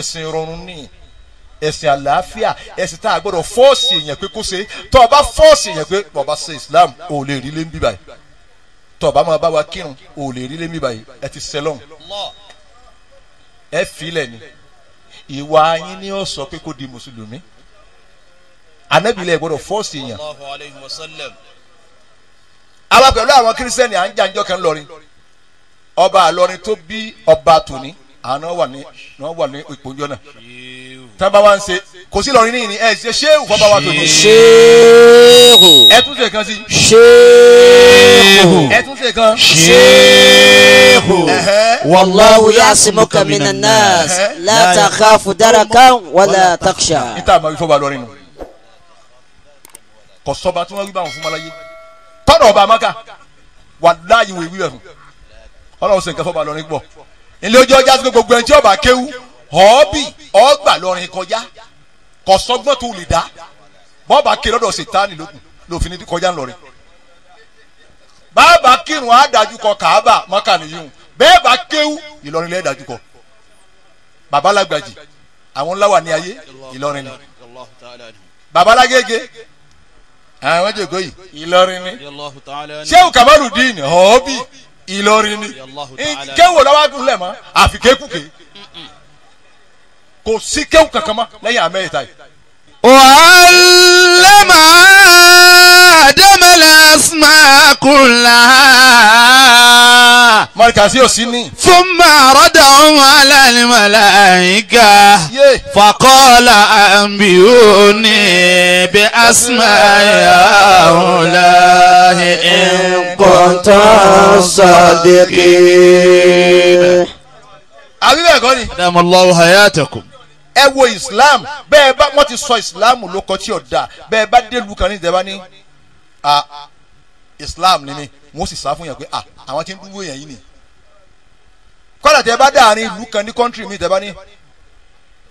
ẹ̀sìn ìrọ̀rùn ni ẹ̀sìn àlàáfíà ẹ̀sìn tá a gbọ́dọ̀ fọ́ọ̀sì èèyàn pé kó ṣe tó o bá fọ́ọ̀sì èèyàn pé bàbá ṣe Islam ò lè rí lé níbí báyìí tó o bá máa bá wa kírun ò lè rí lé níbí báyìí ẹ ti sẹlọ́n ẹ filẹ̀ ni ìwà yín ni ó sọ pé kó di mùsùlùmí anábìlẹ̀ gbọ́dọ̀ fọ́ọ̀sì èèyàn àwa pẹ̀lú àwọn kírísítẹ́nì à ń jàǹjọ́ kan lọ́rin ọba àlọ́rin tó bí ọba tòní àwọn ah, wà ní náà wà ní ipò ìjọ náà tábà wá ń ṣe kò sí lọrin níyìn ní ẹ ṣe ṣéèwù fọba wa tó ní. ṣéèwù ẹ tún ṣe kan sí. ṣéèwù ẹ tún ṣe kan. ṣéèwù wàláwù ya'simuka minan nas la takhafu darakan wala taksha. níta àmọ́ ìfọ̀bà lọrin nù kò sọba tí wọ́n wí báwọn fún malayé kọ́dọ̀ ọba amaka wàláyìí wò ìwí bẹ̀ fún ọlọ́run ṣe nǹkan fọba lọrin gbọ́ ilé ojú ọjà sí gbogbo ẹni tí ọba kéwu ọ̀ọ́bì ọ̀ọ́gbà lọ́rin kọjá kò sọgbọ́n tó lè dá bọ́ọ̀bà ké lọ́dọ̀ sètáni lókun lòfin ní kọjá ńlọrin bàbá kírun àdájú kọ kàába mọ́kà nìyíhùn bẹ́ẹ̀ bá kéwu ìlọrin lẹ́ẹ̀ dájú kọ babalagbaji àwọn ńlá wà ní ayé ìlọrin ni babalagége àwọn jòkó yìí ìlọrin ni sẹ́wù kamalu dín ọ̀ọ́bì. Ìlọrin ni kéwò lọ́wọ́ dùn lẹ̀ mọ́ àfi kékùké kò sí kéwù kankan mọ́ lẹ́yìn àmẹ́yẹta yìí. wàhálà asma kullaha. Mọ̀lìkàsí ò sí ní. Fún màrọ́dà ọmọ alálìmọ̀láyìíká. Fàkọ́lá àmì òní bí asma ìyàwóla ìkọ̀tàn sàdékì. Àbíbẹ̀ ẹ̀kọ́ ni. Dàmọ́lọ́wọ́ hayatakum ẹ wo islam bẹ́ẹ̀ bá wọ́n ti sọ islam ló kọ tí ò da bẹ́ẹ̀ bá dé lu kan ní ìjẹba ní a islam ni mi wọ́n sì sá fún yẹn pé a àwọn tí ń dúró yẹn yìí ni kọ́lá tẹ bá dáàrin ìlú kan ní kọ́ńtírì mi tẹ bá ní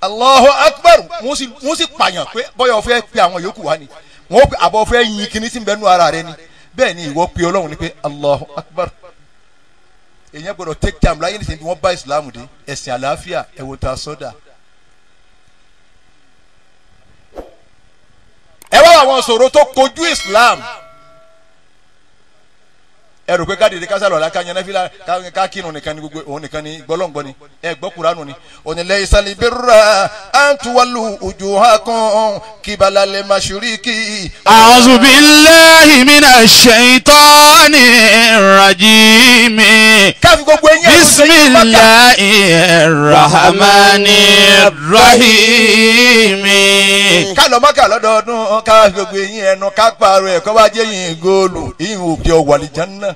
Allahu Akbar wọ́n sì pààyàn pé bọ́yọ̀ fẹ́ pe àwọn yòókù wá ni wọ́n pe àbọ̀ fẹ́ yin kíní sí bẹ́ẹ̀ nú ara rẹ ni bẹ́ẹ̀ ni ìwọ pe ọlọ́run ni pé Allahu Akbar èyàn gbọdọ̀ take time láyé nìyẹn bí wọ́n bá ìsìláàmù dé ẹ̀sìn àlàáfíà ẹ̀wò ta sọ́dà. ẹ wá àwọn ìṣòro tó kojú ìsìláàmù ẹ rò pé ká dìde ká sàlọ̀ ká yẹn fílà nìkan ni gbogbo òun nìkan ni gbọ́lọ́ngbọ́n ni ẹ gbọ́ kuranu ni. onílẹ̀ ìsàlẹ̀ ìbírúra àtúwálù ojú ha kan kíbalà lè má ṣorí kí. a'udhu billahi minash shaitani rajim. káfí gbogbo ẹ̀yin ẹ̀rọ sẹ́yìn bàtà. bismillahir Mm. ká lọ Mákà lọ́dọọdún ká gbogbo eyín ẹnu ká pààrọ̀ ẹ̀ kọ́ bá jẹ́ yín góòlù ìyìn òkè ọ̀wàlìjàn náà.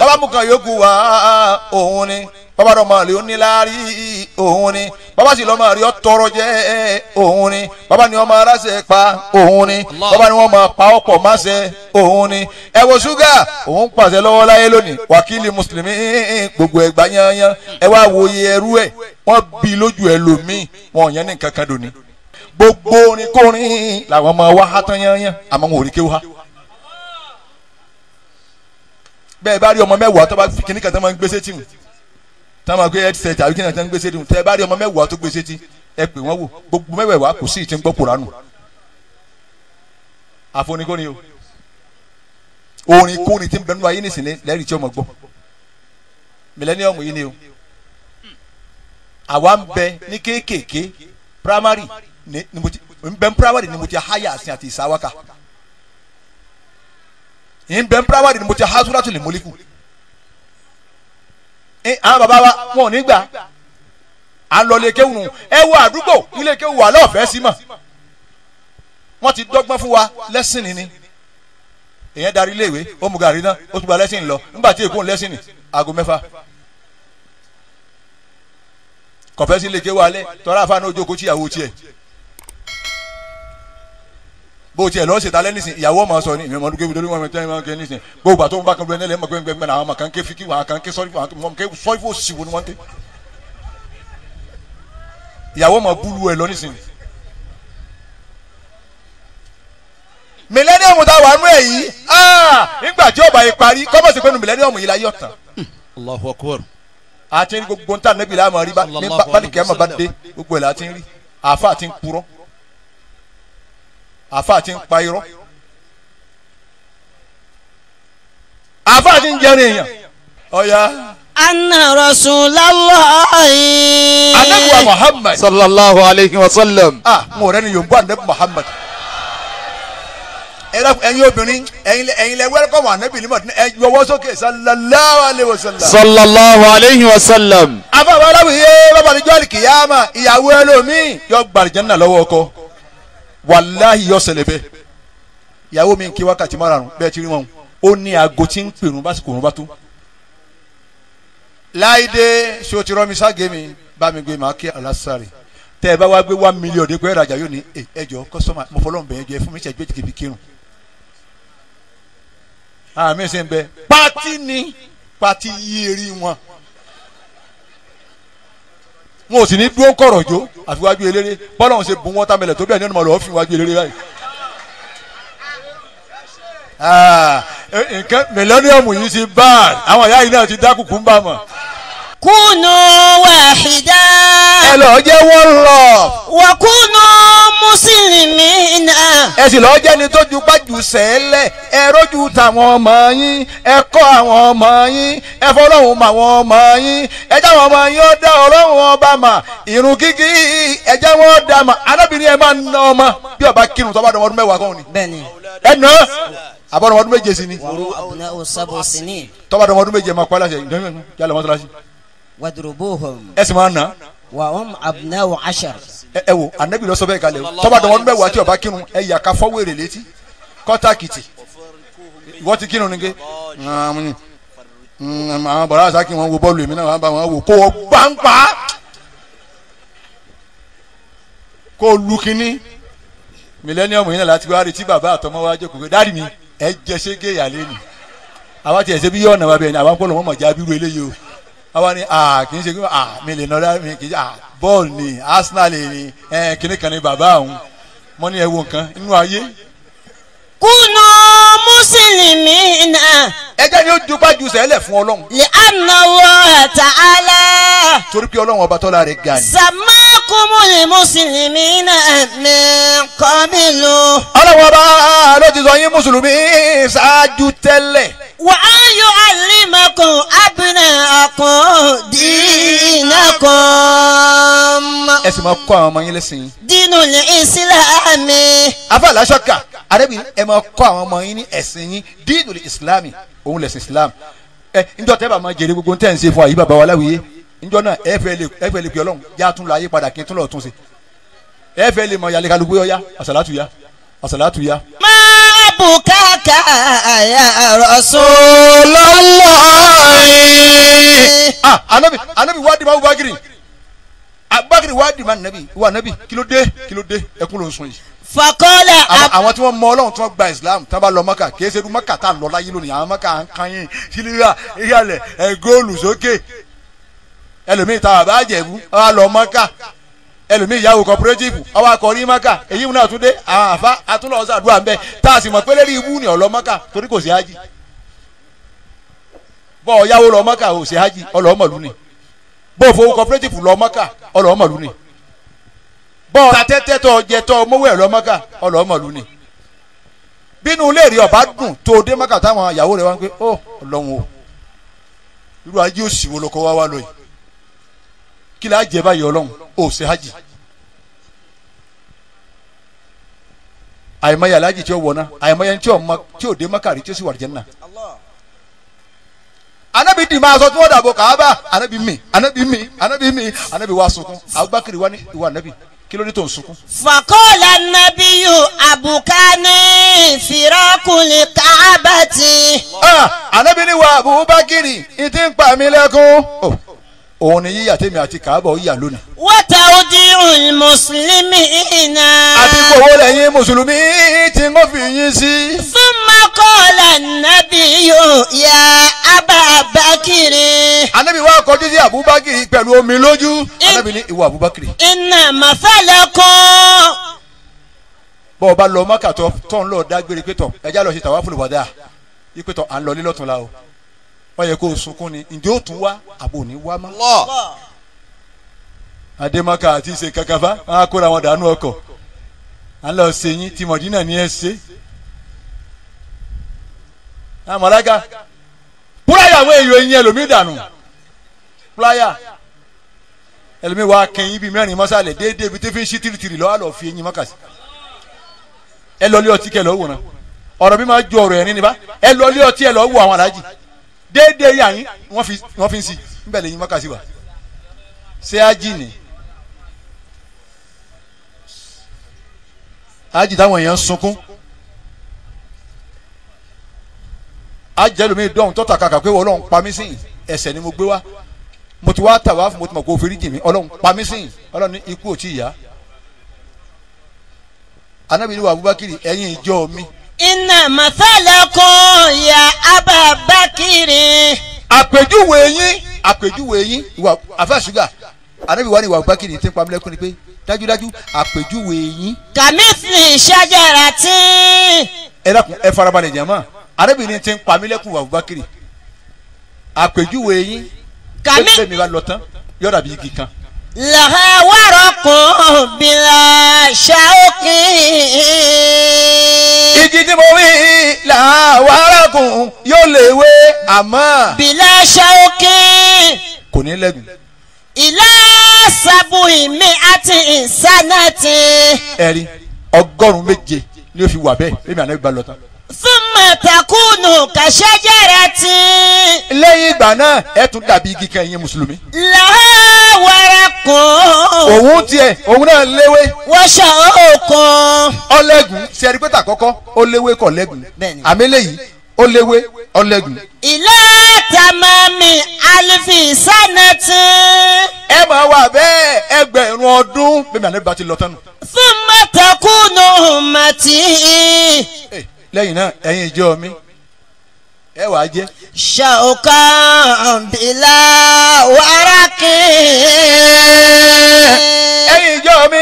bàbá mu kan yòókù wá òun ni bàbá dọ̀ máa rí ó níláárí òun ni bàbá sì lọ́ máa rí ó tọrọ jẹ́ òun ni bàbá ni wọ́n máa ráṣẹ pa òun ni bàbá ni wọ́n máa pa ọ̀pọ̀ máṣẹ òun ni ẹ wo ṣúgà òun pàṣẹ lọ́wọ́ láyé lónìí wákìlì mùsùlùmí gbogbo ẹgbà yanyan ẹ wá wòye ẹrú ẹ wọ́n bí lójú ẹ lòmíì wọn ò yẹn ní kankan dòní gbogbo orin kórin làwọn ọmọ wa há tán yányán àmọ́ wọn ò rí kéwù há bẹ́ẹ̀ bá rí ọmọ mẹ́wàá tó bá fi kíní kan tó máa ń gbé sétí mu tó máa gbé headset àbí kíní kan tó ń gbé sétí mu tẹ́ bá rí ọmọ mẹ́wàá tó gbé sétí ẹ pè wọ́n wò gbogbo mẹ́wàá kò sí ìtì ń gbọ́ kuranu àfonikóni o orin kórin tí ń bẹnu ayé nìsín lẹ́rìí tí ọmọ gbọ́ mílẹ́níọ̀mù yìí primary ne nimuti mbɛnpirawa de nimuti haya asin àti isawaka mbɛnpirawa nimuti hasuratu le moliku eh, àwọn baba wa wọn ò ní gbà à ń lọ ilé kéwù nù ẹ wo àdúgbò ilé kéwù wà lọ́ọ̀fẹ́ sí mọ̀ wọ́n ti dọ́gbọ́n fún wa lẹ́sìn ni ni èèyàn darí iléèwé ó mu gàrí náà ó tún gba lẹ́sìn lọ nígbà tí èkó ń lẹ́sìn ní aago mẹ́fà kọ̀fẹ́sì lè ké wa àfa náà ojú okòó tíyàwó tiẹ̀ bó o tiẹ̀ lọ́ọ́ ṣètà lẹ́ nísìn ìyàwó ọmọ sọ ni ìyẹn ọmọdún kébi lórí wọn tẹ́lẹ̀ máa ń kẹ́ nísìn gbogbo àtọ́ nbà kan lórí ẹni lẹ́mọ̀ gbẹ́ngbẹ́ àwọn kan ké fíkì wọn kan ké sọ́rí wọn ké sọ́rí fò sí wo ni wọ́n tẹ́ ìyàwó ọmọ búlù ẹ̀ lọ nísìn. mílẹ́nìọ̀mù tá wà nú ẹ̀ yìí ah, nígbà tí ọba yìí parí kọ́mọ̀sí pé nu yìí la yọ̀ tán. Allahu Akbar. àti gbogbo ntànẹ́bí làwọn rí bá ní bá ní kẹ́mọ̀ bá dé gbogbo ẹ̀ àfa ti ń pa irọ́ àfa ti ń jẹun èèyàn ọ̀ya. anna rasulallahi. anabuwa muhammad. sallallahu alayhi wa sallam. ah n ò rẹ ni yorùbá anabi muhammad ẹyin obìnrin ẹyin lẹ wẹlẹkọmù anabi ni mọdún ẹ yọwọ́ sókè sallallahu alayhi wa sallam. sallallahu alayhi wa sallam. afọwọ́láwìyé bàbá àdìjọ́ àdìkìyàmà ìyàwó ẹlòmíì yọ gbàdìjẹ́ nà lọ́wọ́ ọkọ wàláhì yọ ṣẹlẹ̀ bẹ́ẹ̀ ìyàwó mi ń ké wákàtí márùn bẹ́ẹ̀ ti rí wọn ó ní aago tí ń pèrún básìkò òun bá tó. láìdé ṣé mi ságé mi bá gbé màá kí alásàrè tẹ́ ẹ bá wá gbé one million dé pé ìrajà yóò ní ẹjọ́ kọ́sọ́mà mo fọlọ́ bẹ̀yẹn jẹ fún mi ṣe gbẹ́jì kìbi kírun. àmì ṣe ń bẹ pátí ni pátí yí eré wọn wọn ò sì ní dúró kọ̀rọ̀ jó àfiwájú eléré bọ́lá òun ṣe bùn wọ́n támẹ́lẹ̀ tó bẹ́ẹ̀ ní ọ̀nà lọ́ọ́ fi wájú eléré báyìí. Ah, nǹkan mílíọ̀nù yìí ti báàd àwọn ìyá yìí náà ti dá kùkú ń bá mọ̀ kúnú wàhídá. ẹ lọ jẹ́ one love. wà kúnú mùsùlùmí náà. ẹ sì lọ jẹ́ ni tó ju gbájú sẹ́lẹ̀ ẹ rójú tàwọn ọmọ yín ẹ kọ́ àwọn ọmọ yín ẹ fọlọ́hún mọ àwọn ọmọ yín ẹ jẹ́ àwọn ọmọ yín ó dá ọlọ́run ọba mà irun kíkí ẹ jẹ́ wọn dá mà arábìnrin ẹ máa ń ná ọmọ bí ọba kírun tó bá dọ̀wọ́ ọdún mẹ́wàá kan ni. bẹ́ẹ̀ni ẹ nà àbọ̀dọ̀wọ́ ọdún méje sí ni. wọ́n rú àbùnà òsàbọ̀ sí ni. tọ́ba dọ̀wọ́ ọdún méje máa kọ́ láṣẹ ìdánwò yálà mọ́tò láṣẹ wadurubuhum. ẹ sì máa nà. wa hum abna'u ashar. ẹ ẹ wo anabi lọ sọ bẹ́ẹ̀ kalẹ̀ o tọba dọwọn bẹ wàá tí o bá kírun ẹ yà ká fọwọrẹ létí kọta kìtì ìwọ ti kírun nìke hmm, àwọn bọ̀dá àṣà kí wọ́n wo bọ́ọ̀lù èmi náà wọ́n bá wọn wò kó o gbáǹpá kó lu kínní mílíọ̀nù yìí náà láti wá rí tí bàbá àtọmọ wa jókòó pé dáàdì mi ẹ jẹ ṣé géyà lé ni àwa ti ẹ̀ ṣe bí yọ̀ọ̀nà wa bẹ̀ ni àwa ń pọ̀ lọ́mọ́ mọ̀já eléyìí o àwa ni a kì í ṣe pé à mi lè nọdá mi kì í ṣe à bọ́ọ̀lù ni Arsenal ni ẹ kìnnì kan ni bàbá òun mo ní ẹ wo inú ayé. kùnà mùsùlùmí náà. ẹ ni ó dupá ju sẹ́lẹ̀ fún ọlọ́run. lè ànáwó ta'ala. torí pé ọlọ́run ọba tọ́lá rẹ̀ ga ni. sàmákùmùlì mùsùlùmí náà mi kọ́ mi lò. ọlọ́run ọba ló ti sọ yín mùsùlùmí ṣáájú tẹ́lẹ̀. wàá yọ àlìmọ̀kùn ẹ sì máa kọ́ àwọn ọmọ yín lẹ́sìn. dínú ní ìsìlámì. afa alasọka arabi ẹ máa kọ́ àwọn ọmọ yín ní ẹ̀sìn yín dínú ní ìsìlámì òun lẹ̀sìn ìsìlámù. ẹ njọ tẹ́ bá máa jèrè gbogbo tẹ́ ń ṣe fún àyè bàbá wa láwùyé njọ náà ẹ fẹ́ lè ẹ fẹ́ lè pè ọlọ́run yá tún lọ ayé padà kí n tún lọ tún ṣe. ẹ fẹ́ lè mọ yàlẹ́ kálukú yọ àsàlátù yá àsàlátù yá. máa bùkátà àyà Rasulullah. ah anabi anabi wá di ma abakiri wa di ma nabi wa nabi kílódé kílódé ẹkún ló ń sun yìí. fakọlẹ ab. àwọn tí wọn mọ Ọlọ́run tí wọn gba islam tí wọn bá lọ maka kì í ṣe irú maka tá a lọ láyé lónìí àwọn maka kan yín sílíra ìyàlẹ ẹ góòlù sókè ẹlòmíì tá a bá jẹ̀bú ọ lọ maka ẹlòmíì yahoo cooperative ọwọ akọrin maka èyí wọn náà tún dé àwọn àfa àtúnlọ ọsàdúrà ń bẹ tá a sì mọ pélé rí ibú ni ọlọ maka torí kò sí haji bọ́ọ̀ yahoo lọ maka ò sí haji ọlọ́mọlú ni bó o fowó cooperative lọ mọ́kà ọlọ́ mọ̀lú ni bó o ta tẹ́tẹ́ tọ́ jẹ tọ́ mọ́wé lọ mọ́kà ọlọ́ mọ̀lú ni bínú ilé rí ọba dùn tó o dé mọ́kà táwọn ìyàwó rẹ wá ń pé ó ọlọ́run o irú ajé òsì wo ló kọ́ wá wá lọ yìí kí láà jẹ báyìí ọlọ́run ó ṣe hajj àìmọye aláàjì tí ó wọ̀ náà àìmọye tí ó dé mọ́kà rí tí ó sì wà jẹ́ náà anabi dì máa sọ tí wọ́n dàbò kàába anabi mi anabi mi anabi mi anabi wa sunkún abubakar wa ni ìwà anabi kí tó ń sunkún. fàkọ́lá nabiyu abukani firakuli kaabati. anabi ah, ni wa abubakar ìtì ń pa mí lẹ́kún. Oh òun ni yíyà tèmi àti kàábọ̀ yíyà lónìí. wọ́tà ojú ìròyìn mùsùlùmí iná. àti kòwó lẹ́yìn mùsùlùmí tí wọ́n fi yín sí. fún makọ́lá nàbí yóò ya ababakiri. anabi wa kọjú sí abubakiri pẹ̀lú omi lójú. anabi ní ìwọ abubakiri. iná màfàlẹ́ kọ́. bọ́ọ̀ bá lọ mọ́kàtọ́ tọ́ ń lọ dágbére pé tọ̀ ẹ̀já lọ sí tàwa fúlùbọ̀dá yí pé tọ̀ à ń lọ lílọ́tún la o ó yẹ kó o sunkún ni ǹjẹ́ ó tún wá àbò ní wá má. adémọ́kà àti ṣe kankanfa wọn á kóra wọn dànù ọkọ̀ à ń lọ ṣe yín tí mọ̀dínà ni ẹ ṣe. àmọ́lága púráyà àwọn èèyàn ẹ̀yìn ẹlòmíì dànù púráyà ẹlòmíì wà kẹyìn bíi mẹ́rin mọ́sálẹ̀ déédéé ibi tí fi ń ṣí tìrìtìrì lọ́wọ́ lọ́ọ́ fi eyín mọ́kàsí ẹ lọ́ọ́ ọtí kẹ lọ́ọ́ wòran ọ̀rọ̀ mi máa ju ọ̀rọ̀ ẹ̀ ní nípa ẹ lọ́ọ́ ọtí ẹ lọ́ọ́ wò àwọn aláàjì déédéé yà yín wọ́n fi wọ́n fi ń si níbẹ̀ lè yín wákàtí wa ṣé ni ájì táwọn èèyàn ń sunkún ájì lómi dọ́hùn tọ́ta kàkà pé ọlọ́run pa mí sí ẹ̀ṣẹ̀ ni mo gbé wá mo ti wá tà wá fún mo ti mọ̀ kó o fi rí jì mí ọlọ́run pa mí sí ọlọ́run ní ikú ò tí ì yá anábìyí wa Abubakar ẹ̀yin ìjọ mi iná màsálàkọ ya abba bakiri. àpèjúwe yín àpèjúwe yín ìwà àfẹ́ ṣúgà anábì wa ni ìwà bakiri ti ń pa mílẹ̀kùn ni pé dájúdájú àpèjúwe yín. kàmísì ṣàjàrà tí. ẹ dákun ẹ farabalẹ̀ jẹ́ mọ́ anábì ni ti ń pa mílẹ̀kùn ìwà bakiri àpèjúwe yín. kàmí bẹ́ẹ̀ mi bá lọ tán yọ̀dà bí igi لها ورق بلا شوك igi tí mo wí là wàràkùn yóò lè wé àmọ́. bìlà ṣàókè. kò ní lẹ́gùn. ìlà sábù mi àti ìsánà ẹ̀rí ọgọ́rùn-ún méje ni ó fi wà bẹ́ẹ̀ èmi àná ìgbà lọ tán súnmọ̀ takùnù kàṣẹ́jẹ́rẹ́ tí. lẹ́yìn ìgbà náà ẹ tún dàbí igi kan ẹ̀yin mùsùlùmí. làwárẹ̀ kún. òun tiẹ̀ òun náà léwé. wọ́ṣọ òkun. ọlẹ́gùn ṣe é rí pé tàkọ́kọ́ ó léwé kọ̀ lẹ́gùn àmì lẹ́yìn ó léwé ọlẹ́gùn. ilé tamami alifi sanati. ẹ máa wà bẹ́ẹ̀ ẹgbẹ̀rún ọdún bẹ́ẹ̀ àná bá ti lọ tánu. súnmọ́ takùnù màtí lẹ́yìn náà ẹ̀yin ìjọ mi ẹ wàá jẹ́. ṣàòkàn wàràkì. ẹ̀yin ìjọ mi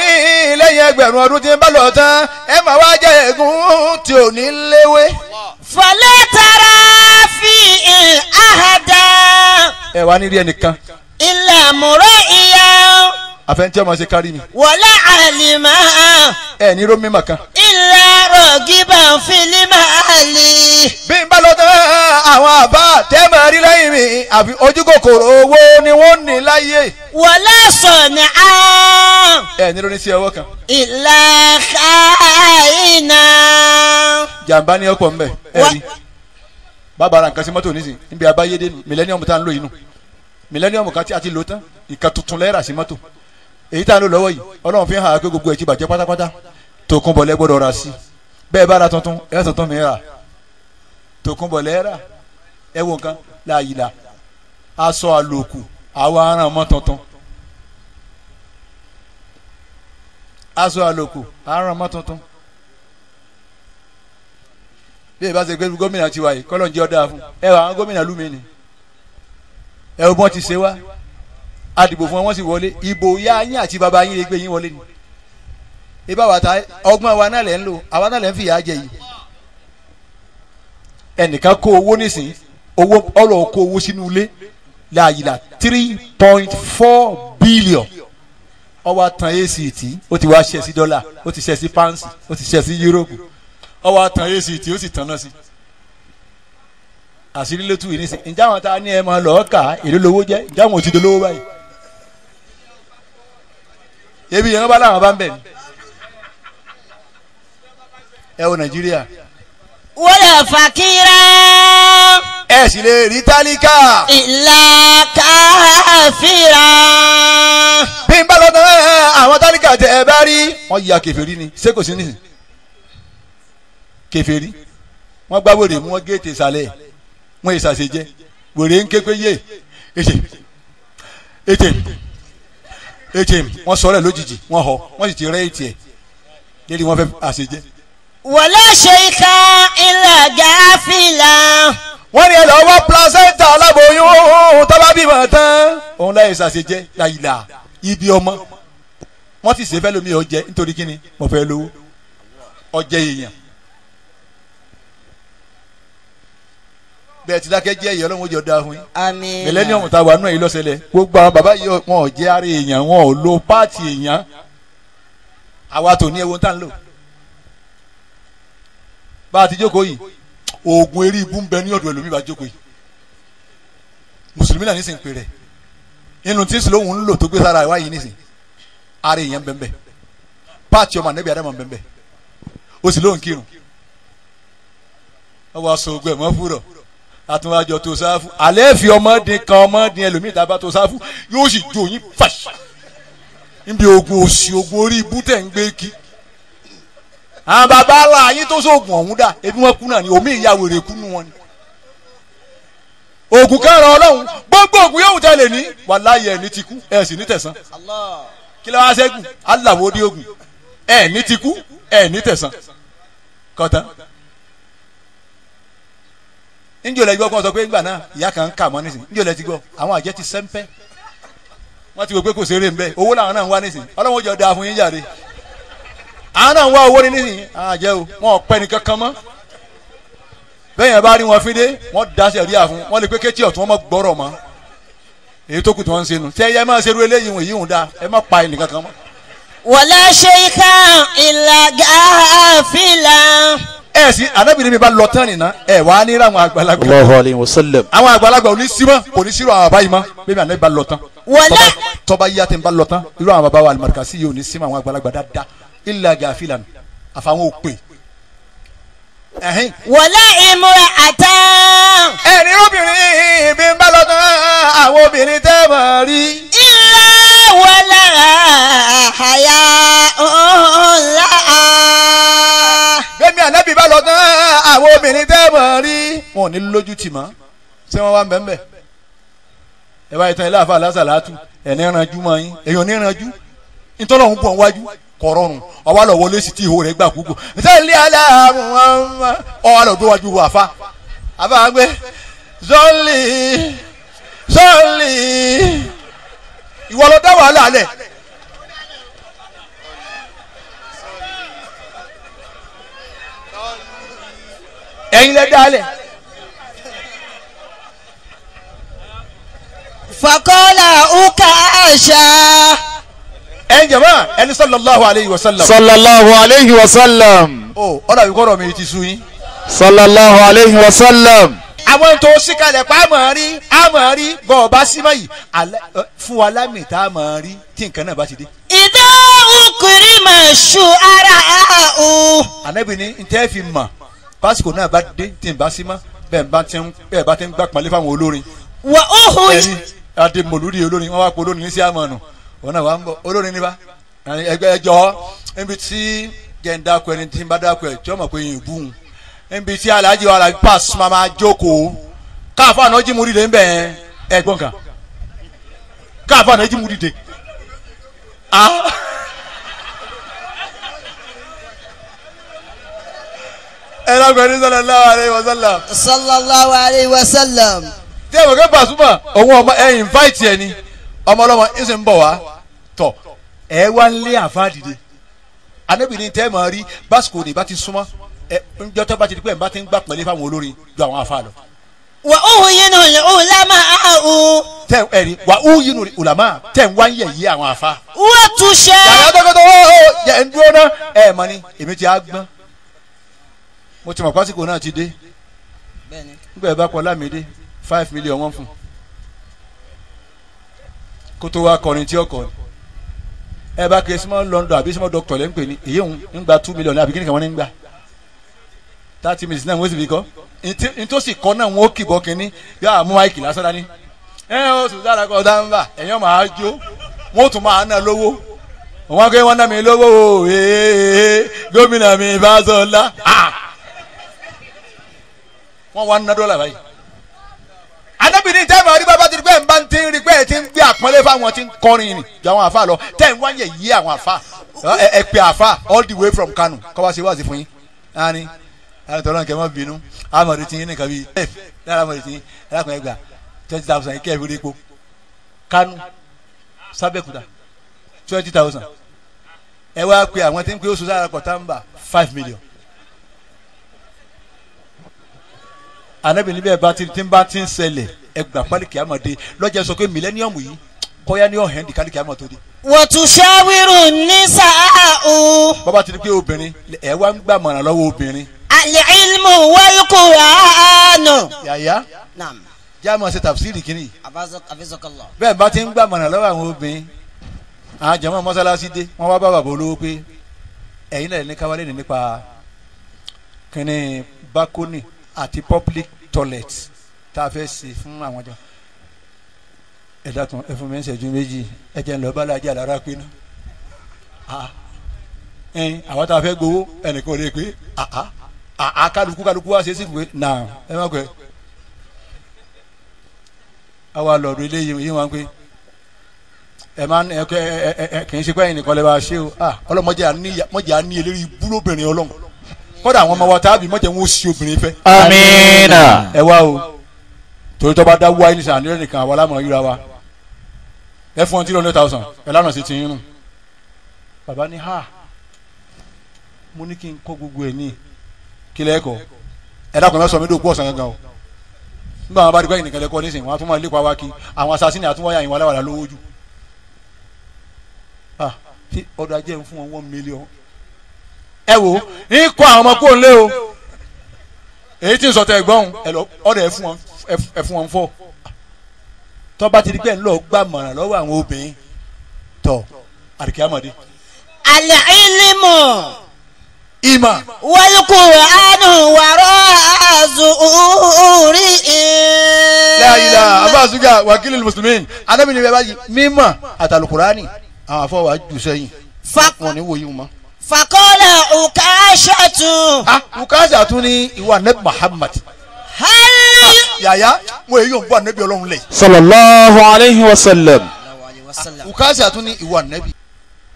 lẹ́yìn ẹgbẹ̀rún ọdún tí ń bá lọ tán ẹ máa wá jẹ ègún tí ò ní léwé. fọlẹ́ tara fi àhàdà. ẹ wá nírí ẹnìkan. ilẹ̀ àmúrò ìyá àfẹnjẹ́ máa ṣe kárí mi. wọlé àlìmọ́. ẹ ní rómi màkà. ilẹ̀ rọ̀gìbà fílímà àlè. bí n bá lọ tán àwọn àbá tẹ́ máa rí lẹ́yìn mi àbí ojú kòkòrò owó ni wọ́n ní láyé. wọlé sọ ni á. ẹ ní rómi sí ọwọ́ kan. ilẹ̀ káyìnà. jàǹbá ni ọ̀pọ̀ ńbẹ ẹ rí bàbá ara nǹkan sí mọ́tò nísìnyí níbi abáyédé millennium tá à ń lò yìí nù millennium kan tí a ti lò tán ìka tuntun lẹ́ẹ̀rà sí mọ́tò èyí tá à ń lò lọ́wọ́ yìí ọlọ́run fi hàn á pé gbogbo ẹ̀ ti bàjẹ́ pátápátá tòkunbọ̀lẹ́ gbọ́dọ̀ rà sí bẹ́ẹ̀ bá ra tuntun ẹ̀ tuntun mi rà tòkunbọ̀lẹ́ rà ẹ̀ wò nǹkan láàyè là aṣọ àlòkù àwa aràn mọ́ tuntun aṣọ àlòkù aràn mọ́ tuntun bí ẹ bá ṣe pé gómìnà tiwa yìí kọ́lọ́ọ̀jì ọ̀dà fún ẹ wà àwọn gómìnà lùmí ni ẹ ò ti ṣe wá adìbò fún wọn wọ́n sì wọlé ìbò ya yín àti bàbá yín lè gbé yín wọlé ni ibà wà tá ọgbọ́n wa náà lẹ̀ ń lò àwa náà lẹ̀ ń fìyà jẹ yìí ẹnìkan kó owó nísìnyí owó ọlọ́ọ̀ kó owó sínú ilé láàyìlá three point four billion ọwọ́ atan act ó ti wá ṣe sí dọ́là ó ti ṣe sí pánsì ó ti ṣe sí yúróòpù ọwọ́ atan act ó sì tán náà sí àṣírí lótú yìí nísìnyí ǹjẹ́ àwọn tá a ní ẹ máa lọ́ọ́ kà èlò lówó jẹ́ ǹjẹ́ àwọn ò ti dolówó báyìí ebi yẹn bá làwọn bá ń bẹ̀ ni ẹ wo nàìjíríà. wọ́lẹ̀ fàkírà. ẹ sì lè rí tálíkà. ìlà bí n bá lọ tán àwọn tálíkà tẹ ẹ bá rí. wọ́n ya kèfèrí ni ṣé kò sí nìyí kèfèrí wọ́n gbá wèrè mú wọn géètì ìsàlẹ̀ wọn ìsàsè wèrè ń ké pé yé ètè ètè atm wọ́n sọ rẹ̀ lójijì wọ́n họ wọ́n sì ti rẹ́ ètì ẹ̀ lérí wọ́n fẹ́ àṣejẹ́. wọlé ṣe ika ilẹ̀ gáfìlà. wọ́n ní ẹ lọ wá placenta aláboyún tọ́ba bímọ tán òun láyé ṣàṣejẹ́ láyìlá ibi ọmọ wọ́n sì ṣe fẹ́ lómi ọjẹ́ nítorí kíni mo fẹ́ lówó ọjẹ́ èèyàn bẹ́ẹ̀ ti dákẹ́ jẹ́ ìyá ọlọ́run jọ da fún yín. àmín. millennium ta wà nù yìí lọ́sẹ̀lẹ̀ gbogbo àwọn bàbá yìí wọn ò jẹ́ ara èèyàn wọn ò lo páàtì èèyàn àwa tò ní ewu tá ń lò. bá a ti jókòó yìí oògùn eré ibú ń bẹ ní ọ̀dọ̀ ẹlòmíì bá jókòó yìí mùsùlùmí náà nísìnyí pè rẹ̀ inú tí sùlóhùn ń lò tó gbé sára ìwáyìí nísìnyí ara èèyàn bẹ́ẹ̀ páàtì ọmọ ànábì adama bẹ́ẹ̀ ó sì lóhùn kírun ọwọ́ aṣọ ògbẹ́ mọ́ fúrọ̀ àtúnwájọ tó sáfù alẹ́ fi ọmọdé kan ọmọdé ẹlòmíì dábàá tó sáfù yóò sì jó yín fàṣ níbi ogun òsì ogun orí ibú tẹ̀ ń gbé kí. àwọn bàbá ńlá yín tó sóògùn ọ̀hún dà ebi wọn kú náà ni omi ìyá wèrè kú nù wọn ni. oògùn kẹrọ ọlọ́run gbogbo oògùn yóò tẹ̀ lè ní wàláyé ẹ̀ ní ti kú ẹ̀ sì ní tẹ̀sán. kí ló wá ṣẹ́gun aláwọ̀ ó dé oògùn ẹ̀ ní ti kú ẹ̀ ní tẹ̀sán kọ́tà níjọ́ lẹ gbọ́ kó sọ pé ńgbà náà ìyá kan ń kà mọ́ nísìn níjọ́ lẹ ti gbọ́ àwọn àjẹ́ ti sẹ́ńpẹ́ wọ́n ti wò pé kò ṣeré ńbẹ́ owó làwọn náà ń wá nísìn ọlọ́wọ́n jọ da fún yín jáde àwọn náà ń wá owó ní nísìn àjẹ́ o wọn ò pẹ́ nìkan kan mọ́ bẹ́ẹ̀ yẹn bá rí wọn fídé wọ́n da sẹ̀ríà fún wọ́n lè pé kétí ọ̀tún wọn mọ̀ gbọ́rọ̀ mọ́ èyí tó kù tí wọ́n ń ṣe nu tẹ́ ẹ máa ṣerú eléyìí wọ̀nyí ń da ẹ má pa ẹnìkan kan mọ́. wala shaykhan illa ghafila ẹ sì anábìrin mi bá lọ tán nìna ẹ wà á ní àwọn àgbàlagbà. Allahu wa sallam. àwọn àgbàlagbà ò ní sí kò ní sírò àwọn bàbá yìí mọ́ bẹ́ẹ̀ anábìrin bá lọ tán. wọlé. tọba yíyá ti ń bá lọ tán irú àwọn bàbá wa alimarikasi yìí ò ní sí àwọn àgbàlagbà dáadáa illa gafilan àfàwọn òpè. wọlé ìmúra àtàn. ẹni obìnrin mi ń lọ tán àwọn obìnrin tẹ́ mọ̀ rí. ilé wọlé àyà òun ànábì bá lọ tán àwọn obìnrin tẹ́ mọ̀ rí wọn ò ní lójú tì mọ́ ṣé wọ́n wá ń bẹ́ẹ̀ ẹ bá yẹ tán ilé àfa alásàlátù ẹ̀ní ranjú mọ́ yín èyàn ní ranjú nítorí bọ̀ wájú kọ̀rọ̀rùn ọwọ́ lọ wọlé sí ti ihò rẹ̀ gbà kúkú ṣẹlẹ̀ aláàmúhàmà ọwọ́ lọ dún wájú àfa àfa gbé zọ́ọ̀lì zọ́ọ̀lì ìwọ ló dá wàhálà lẹ̀ ẹ̀yin lẹ dálẹ̀. fàkọ́lá uka àṣà. ẹ jama ẹni sallallahu alayhi wa sallam. sallallahu alayhi wa sallam. o ọ̀rọ̀ ìkọ́rọ̀ mi ti sú yín. sallallahu alayhi wa sallam àwọn tó síkalẹ̀ pa àmọ̀ rí àmọ̀ rí bọ́ ọba símọ́ yìí fún wa lámì tá a mọ̀ rí tí nǹkan náà bá ti dé. ìdá òkùnrin mọ̀ ṣù ara ẹ̀ ọ́. ànábì ní ntẹ́ fi mọ̀ pásìkò náà bá dé tí n bá sí mọ́ bẹ́ẹ̀ bá ti ń bẹ́ẹ̀ bá ti ń gbà pọ́nlé fáwọn olórin. wà ó hó yìí. ẹni adémọlúrí olórin wọn wá pé olórin ní sí àmọ́nù wọn náà wà ń bọ olórin nípa ẹgbẹ́ ẹjọ́ níbi tí jẹ́ ń dákọ̀ ẹni tí ń bá dákọ̀ ẹ̀ jọ́ mọ̀ pé yìnbù ń níbi tí alhaji wàhálà pass máa máa jókòó káàfà náà jí mu dìde ń bẹ̀ ẹ̀gbọ́n kan káàfà náà jí mu dìde ah ẹ̀rọ gbẹ̀rin sallallahu alayhi wa sallam. sallallahu alayhi wa sallam. tí ẹ̀wọ̀n kẹ́ Pasuma òun ọmọ ẹ̀ invite ẹ̀ ni ọmọ ọlọ́mọ ẹ̀ sì ń bọ̀ wá tọ̀ ẹ̀ wá ń lé àfa dìde Ànábì ní tẹ́ ẹ̀ máa rí básíkò ní ìbá ti súnmọ́ ẹ̀ ńjọ́ tó bá ti di pé ẹ̀ ń bá ti ń gbà pẹ̀lẹ́ fáwọn olórin ju àwọn àfa lọ. wà óhun yín nù ulama áhùn. tẹ ẹ ní wà óhun yín ulama tẹ ń wá ń yẹ yí àwọn àfa. wọ́n tún ṣe. yàrá tó kọ́ tó wọ́ọ́ yẹ ń dúró náà ẹ̀ mo ti mọ̀ pásíkò náà ti dé nígbà yẹn bá kọ lámìdé five million wọ́n fún kó tó wá kọrin tí ó kọ ẹ bá kí small London àbí small doctor lẹ́ ń pè ní èyí ń gba two million àbí kí nìkan wọ́n ń gbà thirty million náà wọ́n sì fi kọ́ nítòsí kọ́ náà wọ́n kìbọ̀ kínní yóò mú máìkì lásán dání ẹ ó sùn sára kọ́ ọ̀dà ń bà ẹ̀yàn máa jó wọ́n tún máa ná lówó wọ́n á gbé wọn ná mi lówó o eh, eh, eh, gómìnà mi bá sọ ńlá. Ah! wọ́n wá ná dọ́là báyìí. anábì ní tẹ́ ẹ̀ máa rí bábá ti rí pé ẹ̀ ń bá ti ń rí pé ẹ̀ ti ń gbé àpọ́nlé fáwọn tí ń kọrin ni ju àwọn àfa lọ tẹ́ ẹ̀ ń wáyé yí àwọn àfa ẹ̀ pè àfa all the way from Kano kọ́ wá sí wá sí fún yín. ani ara tọ́lá nǹkan má bínú amadu ti yín nìkan bíi ẹ̀ lára amadu ti yín ẹ̀rákùnrin gbà twenty thousand kẹ́ ẹ̀ fi rí epo Kano sábẹ́kúta twenty thousand ẹ wá pe àwọn tí ń pe oṣù sára kọ̀tà ń bà five million. anabi níbẹ̀ bá ti ti bá ti ń ṣẹlẹ̀ ẹgbà pálíkì àmọ̀dé lọ́jà sọ pé mílẹ́níọ̀mù yìí kọ́yá ní ọ̀hẹ́ndì kálíkì àmọ̀ tó dé. wọ́túnṣáwìrù ní sáà o. bàbá ti di pé obìnrin ẹ wá ń gbàmọ̀ràn lọ́wọ́ obìnrin. àlẹ́ ilmu wal Qur'an. yàyà jáàmù ṣe tafsiri kìíní. bẹ́ẹ̀ bá ti ń gbàmọ̀ràn lọ́wọ́ àwọn obìnrin àwọn jàmọ́ mọ́sálásí dé wọ́n wá bá bàbá olówó pé ẹ̀yin náà ní kawale ní nípa kíní bákónì àti public toilet tá a fẹ́ ṣe fún àwọn jọ ẹ dákun ẹ fún mi ṣẹ́jú méjì ẹ jẹ́ ń lọ bala ajá lára pé náà ẹn àwọn tá a fẹ́ gbowó ẹnìkan ò lè pé àá àá kálukú kálukú wá ṣe sí ìwé náà ẹ má pẹ́ àwa lọ́ọ̀dún eléyìí yìí wọ́n pé ẹ máa ń ẹ kì í ṣe pé ẹnìkan lè bá a ṣe o ọlọ́mọdé àní eléyìí búlóbìnrin ọlọ́run kódà àwọn ọmọ wa tàbí mọ̀jẹ̀ wọn ó obìnrin fẹ́. amiina. ẹ wá o torí tọ́ba dá wáyé nìṣàn àníyàn nìkan àwọn alámọ̀ yíra wa ẹ fún ọtí lọ́nà tàwùsàn ẹ lánàá sí ti bàbá ní ha mo ní kí n kọ́ gbogbo ẹ̀ ní kílẹ̀ ẹ̀kọ́ ẹ dákun mẹ́sàn-án mi dò kú ọ̀sán gangan o nígbà wọn bá dìgbà ìnìkan lẹ́kọ́ nísìnyí wọn á tún máa kí àwọn asasínì àtúnwáyà yìí wọn aláwàdà lówó jù. Ah, ọ̀dọ̀ ajé ń fún wọn one million ẹ wò ń kọ àwọn ọmọ kó ń lé o èyí tí ń sọtẹ ẹ̀gbọ́n ẹ lọ ọdẹ ẹ fún wọn ẹ fún wọn fọ tọba ti di pé ń gbà mọ̀ràn lọ́wọ́ àwọn obìnrin tọ àdìkí amọ̀dé. àlẹ́ ìlímọ̀. ìmọ̀. wal-Qur'ānu warā'a zuhūrihim. láyìlá abáàsúgà wàkílì mùsùlùmí anábìnrin bẹ́ẹ̀ bá yí mímọ̀ àtàlùkùránì àwọn afọwà jù sẹ́yìn. fakọ̀ ni wòye wọn fàkọ́lá ukashatu. ah ukashatu ni ìwà nẹ́bí muhammad. hali. yaya, mo èyí yóò bọ́ ànẹ́bí le. lẹ̀. sallallahu alayhi wa sallam. ukashatu ni ìwà nẹ́bí.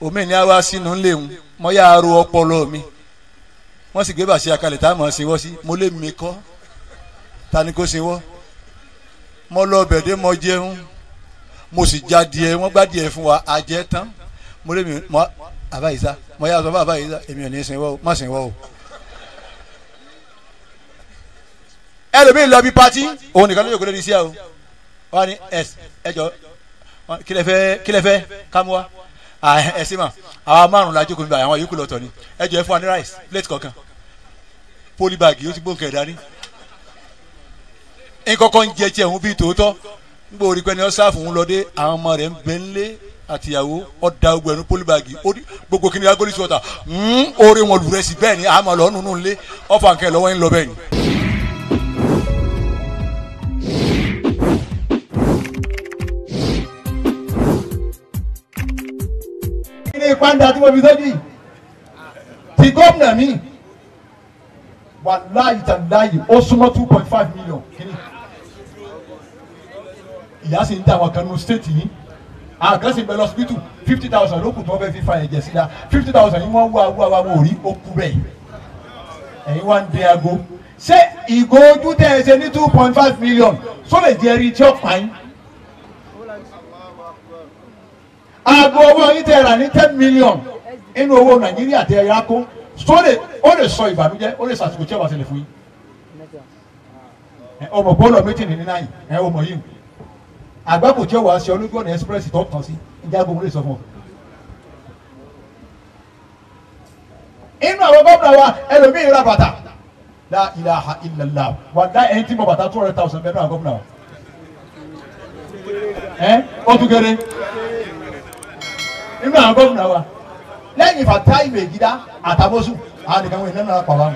omi ni a wá sínú léwu mo yà á ro ọpọlọ mi wọ́n sì gbé bàṣẹ akalẹ̀ tá a mọ̀ ṣe wọ́ sí mo lè mi kọ́ ta ni kò ṣe wọ́ mo lọ bẹ̀dẹ̀ mo jẹun mo sì já díẹ̀ wọ́n gbá díẹ̀ fún wa àjẹ tán mo lè mi mọ́ àbáyé sá mo yà sọ bàbá yìí èmi ò ní sin wọ́ má sin wọ́ o. ẹlòmíì lọ bí pati òun nìkan ló yẹ kó lè di sí ẹ o wọ́n á ní ẹjọ́ kílẹ̀fẹ́ kílẹ̀fẹ́ kámúwa ẹ̀sìn mà àwọn márùn la jókòó nígbà àwọn yòókù lọ́tọ̀ ni ẹjọ́ ẹ fún wa ní rice plate kọ̀ọ̀kan poli báàgì yóò ti gbóǹkẹ̀ dání nkọ́kọ́ jẹ tiẹ̀ ń bí tòótọ́ ń gbòòrí pẹ́ ni ọ́ sáfù ń lọ dé àwọn ọmọ rẹ̀ ń bẹ́ńlé àtìyàwó ọ̀dà ogun ẹ̀nu pólíbàgì gbogbo kí ni agolí sọ̀tà oore hmm, wọn lùrẹ́ sí bẹ́ẹ̀ ni àmọ́ lọ́ nínú ilé ọ̀fà nkẹ́ lọ́wọ́ ń lọ bẹ́ẹ̀ ni. ní ìpàdé tí mo fi sọ́jú ti gómìnà mi wàláyìí tàláyìí ó súnmọ́ two point five million kìíní ìyá sì ń ta àwọn kan nínú stéètì yìí àkànṣe bẹ̀rẹ̀ lọ́sibítù fifty thousand ló kù tó fẹ́ fi fa ẹ̀jẹ̀ síra fifty thousand yìí wọ́n wá wá wá wọ́n rí ó kú bẹ́ẹ̀ ẹ̀yin wá ń dé aago ṣé ìgò ojú tẹ́ ẹ two point five million So lè jẹ́ rí tí ó pa yín aago owó yín tẹ́ rà ní ten million inú owó nàìjíríà tẹ́ ya kó So lè ó lè sọ ìbànújẹ́ ó lè sàtìkò tí ó bá ṣẹlẹ̀ fún yín ọmọ bọ́ọ̀lù mítìnì ní náà yìí ẹ ọmọ yìí àgbákò tí ó wàá ṣe olójú ọ̀nà express tó kàn sí ìjà gbogbo lè sọ fún ọ. inú àwọn gómìnà wa ẹlòmíì ra bàtà la ilaha illallah wà dá ẹni tí mo bàtà two hundred thousand bẹ́ẹ̀ náà gómìnà wa. ẹ ó tún kéré inú àwọn gómìnà wa lẹ́yìn fàtáì mèjìdá àtàbọ̀sùn àwọn nìkan wọn ìnáwó náà pàwọn.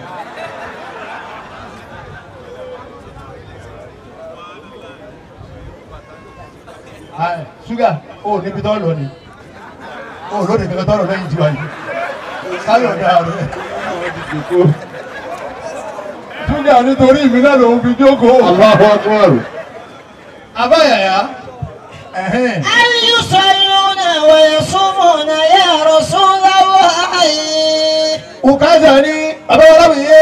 ṣúgà ó níbi tó lọ ni ó lóde kankan tó lọ lẹ́yìn tiwa yìí sáyọ̀ dáa rẹ̀ ṣúgà nítorí mi náà lòun fi jókòó. aláwọ̀ akọ́rù. abáyàyà. ayé sọ́yúnà wẹ̀yẹ súnmọ́nà yà rọ̀sùn láwọ̀ ayé. òkàjà ni bàbá wa láwùjọ yé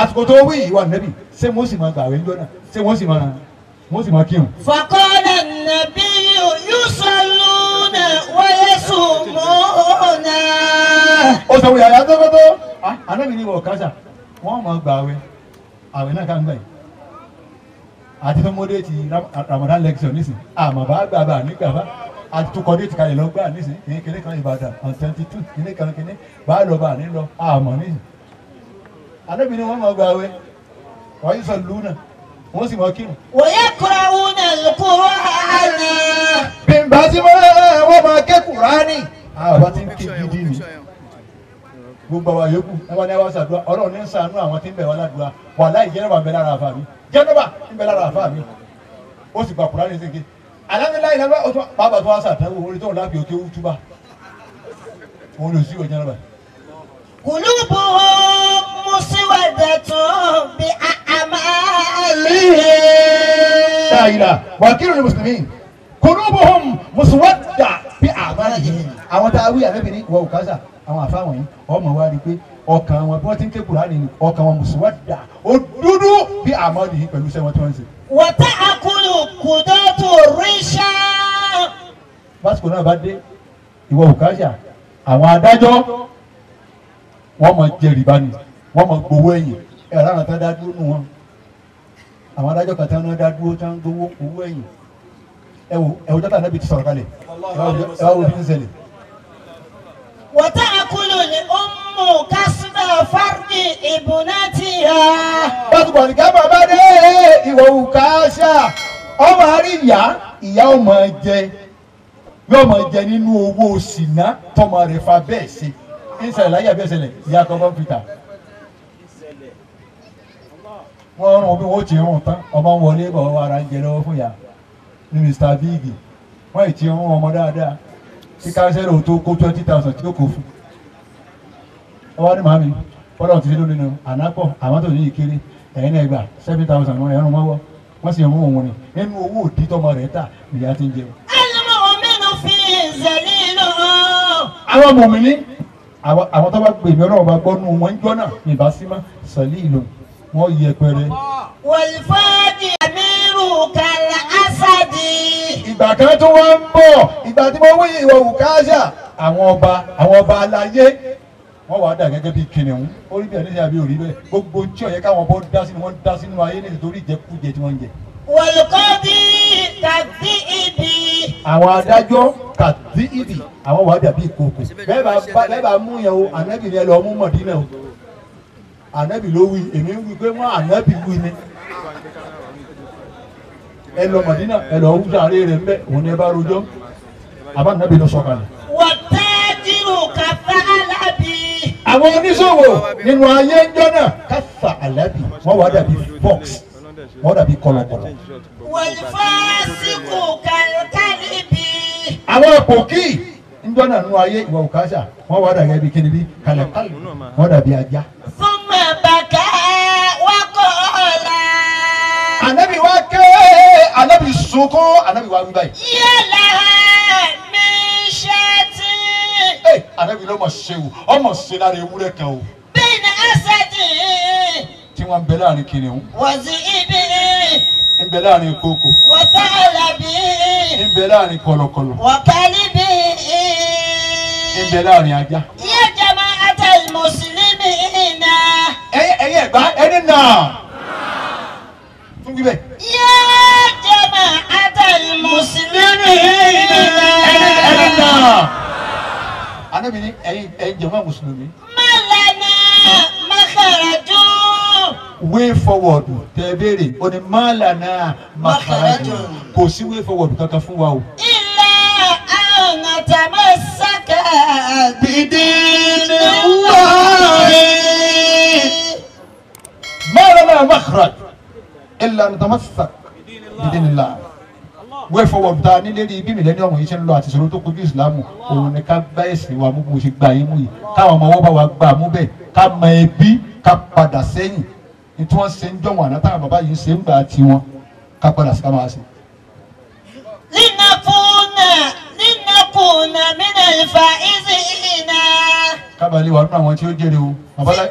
àsìkò tó wí ìwà nẹ́bì ṣé wọ́n sì máa gbàwé ńjọ́ náà ṣé wọ́n sì máa wọ́n sì máa kírun. fàkọ́lẹ̀ nàbí sùnmùnà. ó sọ wíyà yàtọ̀ tó tó anábì ah, ni wọ̀ kásà wọ́n mọ̀ gbà àwẹ̀ àwẹ̀ náà ká ń gbà yìí àti tó mọ́dé ti Ramadan lecture nísìn àmàbà gbàgbà nígbàgbà àti tó kọ́dé ti kalẹ̀ lọ gbà nísìn kìnní kìnní kan Ìbàdàn on twenty two kìnní kan kìnní bá lọ bá nílọ àmọ̀ nísìn anábì ni wọ́n mọ̀ gbà àwẹ̀ wọ́n yìí sọ lùnà wọ́n sì mọ kírun. wòye kura wúni lukuru àná. bìmbà tí wọ́n máa ké kùránì. àwọn ah, tí ń ké gidi ni gbogbo àwọn yòókù ẹ wá ní àwọn ṣàdúrà ọlọ́run ní ṣàánú àwọn tí ń bẹ̀ wá ládùúrà wà láì jẹ́nàbà ń bẹ lára àfa mi jẹ́nàbà ń bẹ lára àfa mi ó sì gbà kùránì sí ké alámìláyìn lábẹ́ ó tún tó wá ṣàtẹ̀wò orí tó ń lábì òkè wútúbà òun lò sí òjẹ́nàbà. kùlùbù hàn muswadatu bi a'malihi. dáìlà muswadda bi a'malihi. Ta tá a ni àbẹ́bìnrin wọ òkàṣà àwọn àfáwọn yìí ọmọ wa rí i pé ọkàn wọn bí wọ́n ti ń ké kùránì ni ọkàn wọn muswadda ó bi bí a'malihi pẹ̀lú iṣẹ́ wọn tí wọ́n ń ṣe. wọ́tá àkúlù kùdọ́tù ríṣà. pásítọ̀ náà bá dé ìwọ òkàṣà àwọn adájọ́ wọ́n mọ̀ jẹ́ rìbá ni wọ́n mọ̀ gbowó ẹ̀yìn ẹ̀rọ àwọn tó dá dúró nù wọn àwọn adájọ́ kan tí wọ́n dá dúró tí wọ́n gbowó owó ẹ̀yìn ẹ wò ẹ wò jọ́tà ti sọ̀rọ̀ kalẹ̀ ẹ wá wò bí ti wọ́tá àkúlù ni ó ń mú kásìmọ̀ fárúkì ìbùnátì yá. bàtùbọ̀ nìkan bàbá dé ìwọ̀ òkàṣà ọmọ àrí ìyá ìyá ọmọ jẹ yóò máa jẹ nínú owó sìnà tọmọ rẹ fa bẹ́ẹ̀ ṣe ń ṣẹlẹ̀ láyé àbẹ́sẹ̀lẹ̀ ìyá àtọ́ bọ́ fìtà wọ́n rún bí wọ́n ti rún tán ọmọ wọlé bọ̀ wọ́n ara ń jẹ lọ́wọ́ fún yà ní Mr Big wọ́n ì ti rún ọmọ dáadáa kí kánsẹ́lò tó kó twenty thousand tí ó kó fún ọwọ́ ní màmí fọlọ́ ti fi lónìí nu ànápọ̀ àwọn tó ní ìkéré ẹ̀yin náà gbà seven thousand wọn ẹ̀rùn mọ́wọ́ wọ́n sì rún òun ni nínú owó òdì tọmọ rẹ̀ tà nìyá ti ń jẹun. àwọn mọ̀mí ní àwọn tó bá gbèmí ọlọ́run bá gbọ́ nù wọ́n ń jọ́ náà ìbásímọ́ sọ̀lí ìlú wọ́n yẹpẹrẹ. wòlífọ́ọ̀dì mírù kàlà ásàdì. ìgbà kan tó wọ́n ń bọ̀ ìgbà tí mo wí ìwọ̀ wùkáṣà àwọn ọba àwọn ọba aláyé wọ́n wàá dà gẹ́gẹ́ bíi kìnìún orí bẹ́ẹ̀ níṣẹ́ àbí orí bẹ́ẹ̀ gbogbo tí ó yẹ káwọn bọ́ dá sínú wọn dá sínú ayé níṣẹ́ torí ìjẹkújẹ tí wọ́n ń jẹ. wòlùkọ́ kàdí ìbí. àwọn adájọ́ kàdí ìbí àwọn wàá dà bíi bẹ́ẹ̀ bá mú yẹn o ànábìrin ẹ lọ mú mọ̀dínà o ànábì ló wí èmi ń wí pé mọ́ ànábì wí ni ẹ lọ mọ̀dínà ẹ lọ wújà àárẹ̀ rẹ̀ ńbẹ òun ni ẹ bá rojọ́ àbá ànábì ló sọ̀kalẹ̀. wà á tẹ́jìrò kàfà alábì. àwọn oníṣòwò nínú ayé ń jọ́nà kàfà alábì wọ́n wà dàbí box wọ́n dàbí kọlọkọlọ. wọ́n fọ́ síkù kàlùkàlì bí. àwọn òkì ń jọ́nà nínú ayé ìwà òkàṣà wọ́n wà dàbí kíni bí kàlùkàlì wọ́n dàbí ajá. fọ́ anabi wa ké anabi sunkún anabi wa wíwá yìí. yálà mi ṣe ti. ẹ anabi ló mọ̀ ṣe o ọmọ ṣe lára ewúrẹ́ kan o. bẹ́ẹ̀ ni ẹsẹ̀ ti. tí wọ́n ń bẹ láàrin kìnìún. wọ́n ti ibi. ń bẹ láàrin kókò. wọ́n tẹ́ ọ̀làbí. ń bẹ láàrin kọ̀lọ̀kọ̀lọ̀. wọ́n kálí bí. ń bẹ láàrin ajá. yíyá jẹ́ máa ń tẹ ìmọ̀ mi ìnà. ẹ̀yin ẹ̀gbá ẹni náà tó wí bẹ́ẹ̀. yá jama atali mùsùlùmí ẹni náà. anabi ni ẹ̀yin ẹ̀yin jama mùsùlùmí. mọ̀lẹ́nà mọ̀kàràjú. way forward tẹ béèrè o ní mọ̀lẹ́nà mọ̀kàràjú kò sí way forward kankan fún wa o. ilé àwọn àtàmọ́ sákà bìdí ni wọ́n rí. mọ̀lẹ́nà mọ̀kàràjú illa natamassak bidinillah wẹ́fọ̀ wọ̀ ta ní lérí bí millennium yìí ṣe ń lọ àti ìṣòro tó kojú ìsìlámù òun ni ká bá ẹ̀sìn wa mú bó ṣe gba yín mú yìí káwọn ọmọ ọwọ́ bá wa gbà mú bẹ́ẹ̀ ká mọ ẹbí ká padà sẹ́yìn ní tí wọ́n ṣe ń jọ̀wọ́n àná táwọn bàbá yìí ṣe ń gbà tiwọn ká padà sí ká máa ṣe. linakuna linakuna minal faizina. kábàlì wà nínú àwọn tí ó jèrè o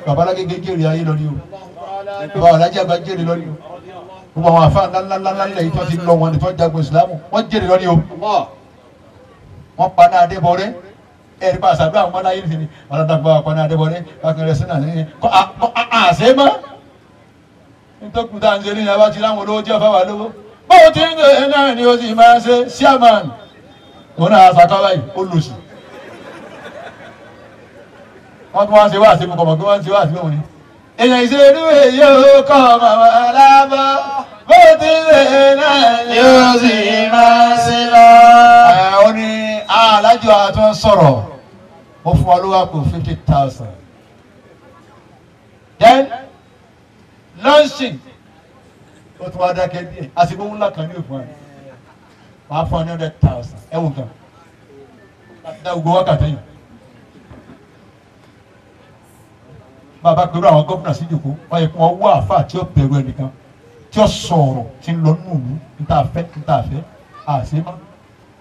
babalágége jèrè ayé lọ ní o bàbá alájà bá jèrè lórí o gbogbo àwọn àfa ńláńláńlá ilẹ̀ yìí tó ti lọ wọn ni tó jagun ìsìlámù wọ́n jèrè lórí o wọ́n paná adébọ̀rẹ́ ẹ̀rí pa àṣàdúrà àwọn ọmọláyé ní sini ọ̀làdàgbà paná adébọ̀rẹ́ bákẹ́rẹ́ sínú àṣẹ yẹn kọ́ àṣẹ mọ́ nítòkùn tá à ń ṣe nílẹ̀ bá ti láwọn olówó jẹ́ ọ̀fà wà lówó ti ń ṣe náà ni o sì máa ń ṣe chairman òun náà àṣàkọ́ báyìí ó lòsì wọ́n tún wá ń ṣe wá àṣẹ mọ̀kọ̀mọ̀ kí wọ́n ń ṣe wá àṣẹ mọ̀kọ̀mọ̀ èèyàn ìṣerú èyí ò kọ́ ọmọ aláàbọ̀ bó ti ṣe náà ni ó sì máa ṣe lọ. ó ní alájọ àtún sọ̀rọ̀ ó fún wa ló fifty thousand. then launching ó tún wá dákẹ́ díẹ̀ àsìkò ńlá kan ní òfin wa wàá fún wa ní hundred thousand ẹ̀wọ̀n kan láti dá gbogbo wákàtí yìí. máa bá pẹ̀lú àwọn gómìnà sí ìjòkó wọ́n yẹ kí wọ́n wá àáfà tí ó bẹ̀rù ẹnìkan tí ó sọ̀rọ̀ tí ń lọ nínú ìlú níta fẹ́ níta fẹ́ àṣemọ́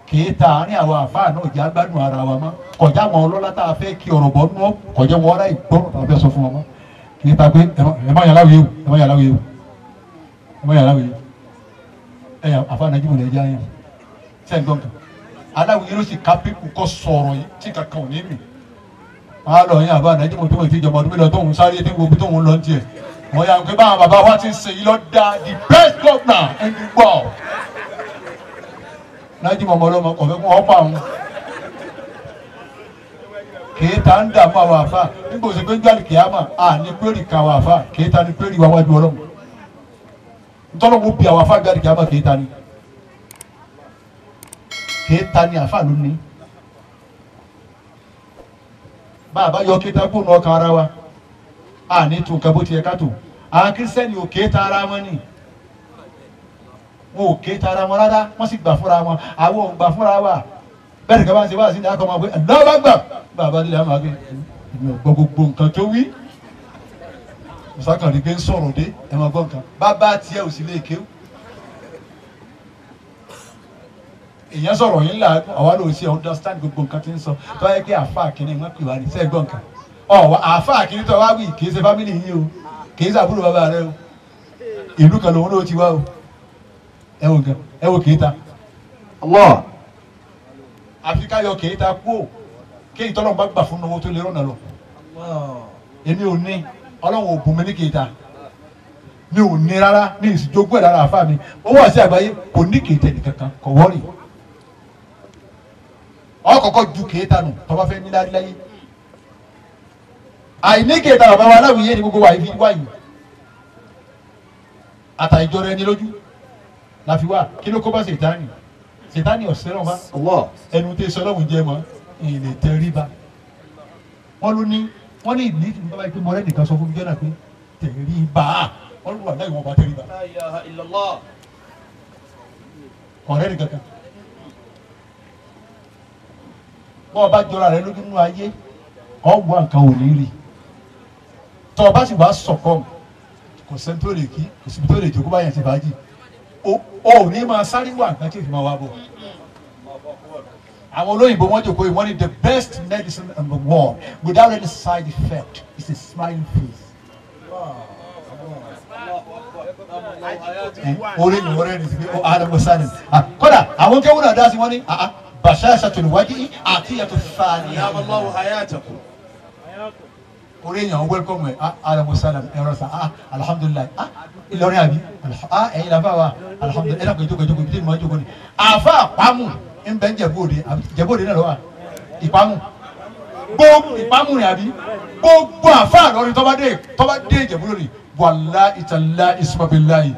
kìí ta àárín àwọn àáfà náà jẹ́ agbádùn ara wa mọ́ kọjá àwọn ọlọ́lá tá a fẹ́ kí ọ̀rọ̀ bọ́ nú kọjá wọn ọ̀rá ìgbọ́rọ̀ tá a fẹ́ sọ fún wọn mọ́ kìí ta pé ẹ má yàrá wíwù ẹ má yàrá wíwù ẹ má yàrá wíwù ẹ yà àfa nàìjíríà lè jẹ́ àyàn sẹ́ńgọ́ǹkà wọn á lọ yín àbá àdájí mo tó mo ti jọmọ ọdún mélòó tóun sáré tí gbogbo tóun lọ tiẹ̀ wọn yà pé báwọn bàbá wa ti ń sèyí lọ da the best governor in the world lájú mọmọ lọmọ kọfẹ kún ọ̀pọ̀ àwọn kìí ń dààmú àwọn àfa nígbà òsè pé ń jáde kìí àmà àní pérì ka àwọn àfa kìí ta pérì wáwá ju ọlọ́mù ntọ́nà wo bi àwọn àfa jáde kìí àmà kìí ta ni àfa lónìí bá a bá yọ kéta kúrò náà kan ara wa a ní tún nǹkan bó ti yẹ ká tó àwọn kírísítẹ́nì ò kéta ara wọn ni wọn ò kéta ara wọn rárá wọ́n sì gbà fúnra wọn àwọn ò gbà fúnra wa bẹ́ẹ̀ nìkan bá ń ṣe wá sí ní akọ ọmọ pé lọ́wọ́ gbà bàbá délé àwọn àgbẹ̀ èmi ò gbọ́ gbogbo nǹkan tó wí mùsàkànlí gbé ń sọ̀rọ̀ dé ẹ̀ máa gbọ́ nǹkan bàbá tiẹ̀ ò sì lè kéwù èèyàn sọ̀rọ̀ yín làágùn àwa ló ṣe understand gbogbo nǹkan tí ń sọ tó yẹ kí àáfàá kìíní wọn pè wá ní sẹ́gbọ̀n kan ọ̀wọ́ àáfàá kìíní tó wá wí kìí ṣe fámìlì yín o kìí ṣàbúrò bàbá rẹ o ìlú kan lòun ló ti wá o ẹ wò gan ẹ wò kìí ta. àfi ká yọ kìí ta kú o kí ìtọ́lọ́ bá gbà fún owó tó lè rọ̀nà lọ. èmi ò ní ọlọ́run ò bùn mi ní kìí mi ò ní rárá mi ìsìnjógún ẹ̀ rárá àfa mi owó àti àgbáyé kò ní kìí tẹ̀ nìkankan kò wọ́rì ọkọ̀kọ̀ ju kéétà nù tọ́ba fẹ́ nílárí láyé àìní kéétà bàbá wa aláwìyé ni gbogbo wa ìfi wáyé àtàìjọ rẹ ní lójú la fi wá kí ló kó bá sètáni sètáni ọ̀sẹ̀ náà wá ẹnu tẹ sọlọ́mù jẹ mọ́ ìlè tẹríba wọ́n ló ní wọ́n ní ìdílé tìǹbù báyìí pé mọ́rẹ́ nìkan sọ fún mi jọ́nà pé tẹríba wọ́n lù wà láì wọ́n bá tẹríba ọ̀rẹ́ nìkan kan. bọ́ ọ bá jọra rẹ lójú nínú ayé ọ wá nǹkan ò ní rí tọ́ ọ bá sì wá sọ̀kọ́ kò sẹ́ni tó lè kí kò síbi tó lè jókòó báyẹn ti fàájì o ò ní máa sáré wà nǹkan tí ò fi máa wá bọ̀ àwọn olóyìnbó wọn jòkó yìí wọn ní the best medicine in the world without any side effect is a smiling face. orí ni wọ́n rẹ̀ ní síbi ó oh, adamu sani ah, kódà àwọn kẹ́wọ́n náà dá sí wọn ní. Ah, ah, basasatul wadi atiyatu thani. ya Allahu hayatakum. orí èèyàn wẹ́lkọ̀mù ẹ̀ alamu salam ẹ̀rọ eh, sa ah alhamdulilayi ah Ìlọrin àbí ah ẹ̀yin lafa wa alhamdulilayi ẹ̀dá kò jókòó ibi tí mo jókòó ni. àfa àpamù ń bẹ ń jẹ̀bóde jẹ̀bóde náà lọ́wọ́ ìpamù gbogbo ìpamù ni àbí gbogbo àfa àlọ́rin tọ́badé tọ́badé ìjẹ̀bú lórí wàlá ìtàlá ìsùmọ̀bìláyì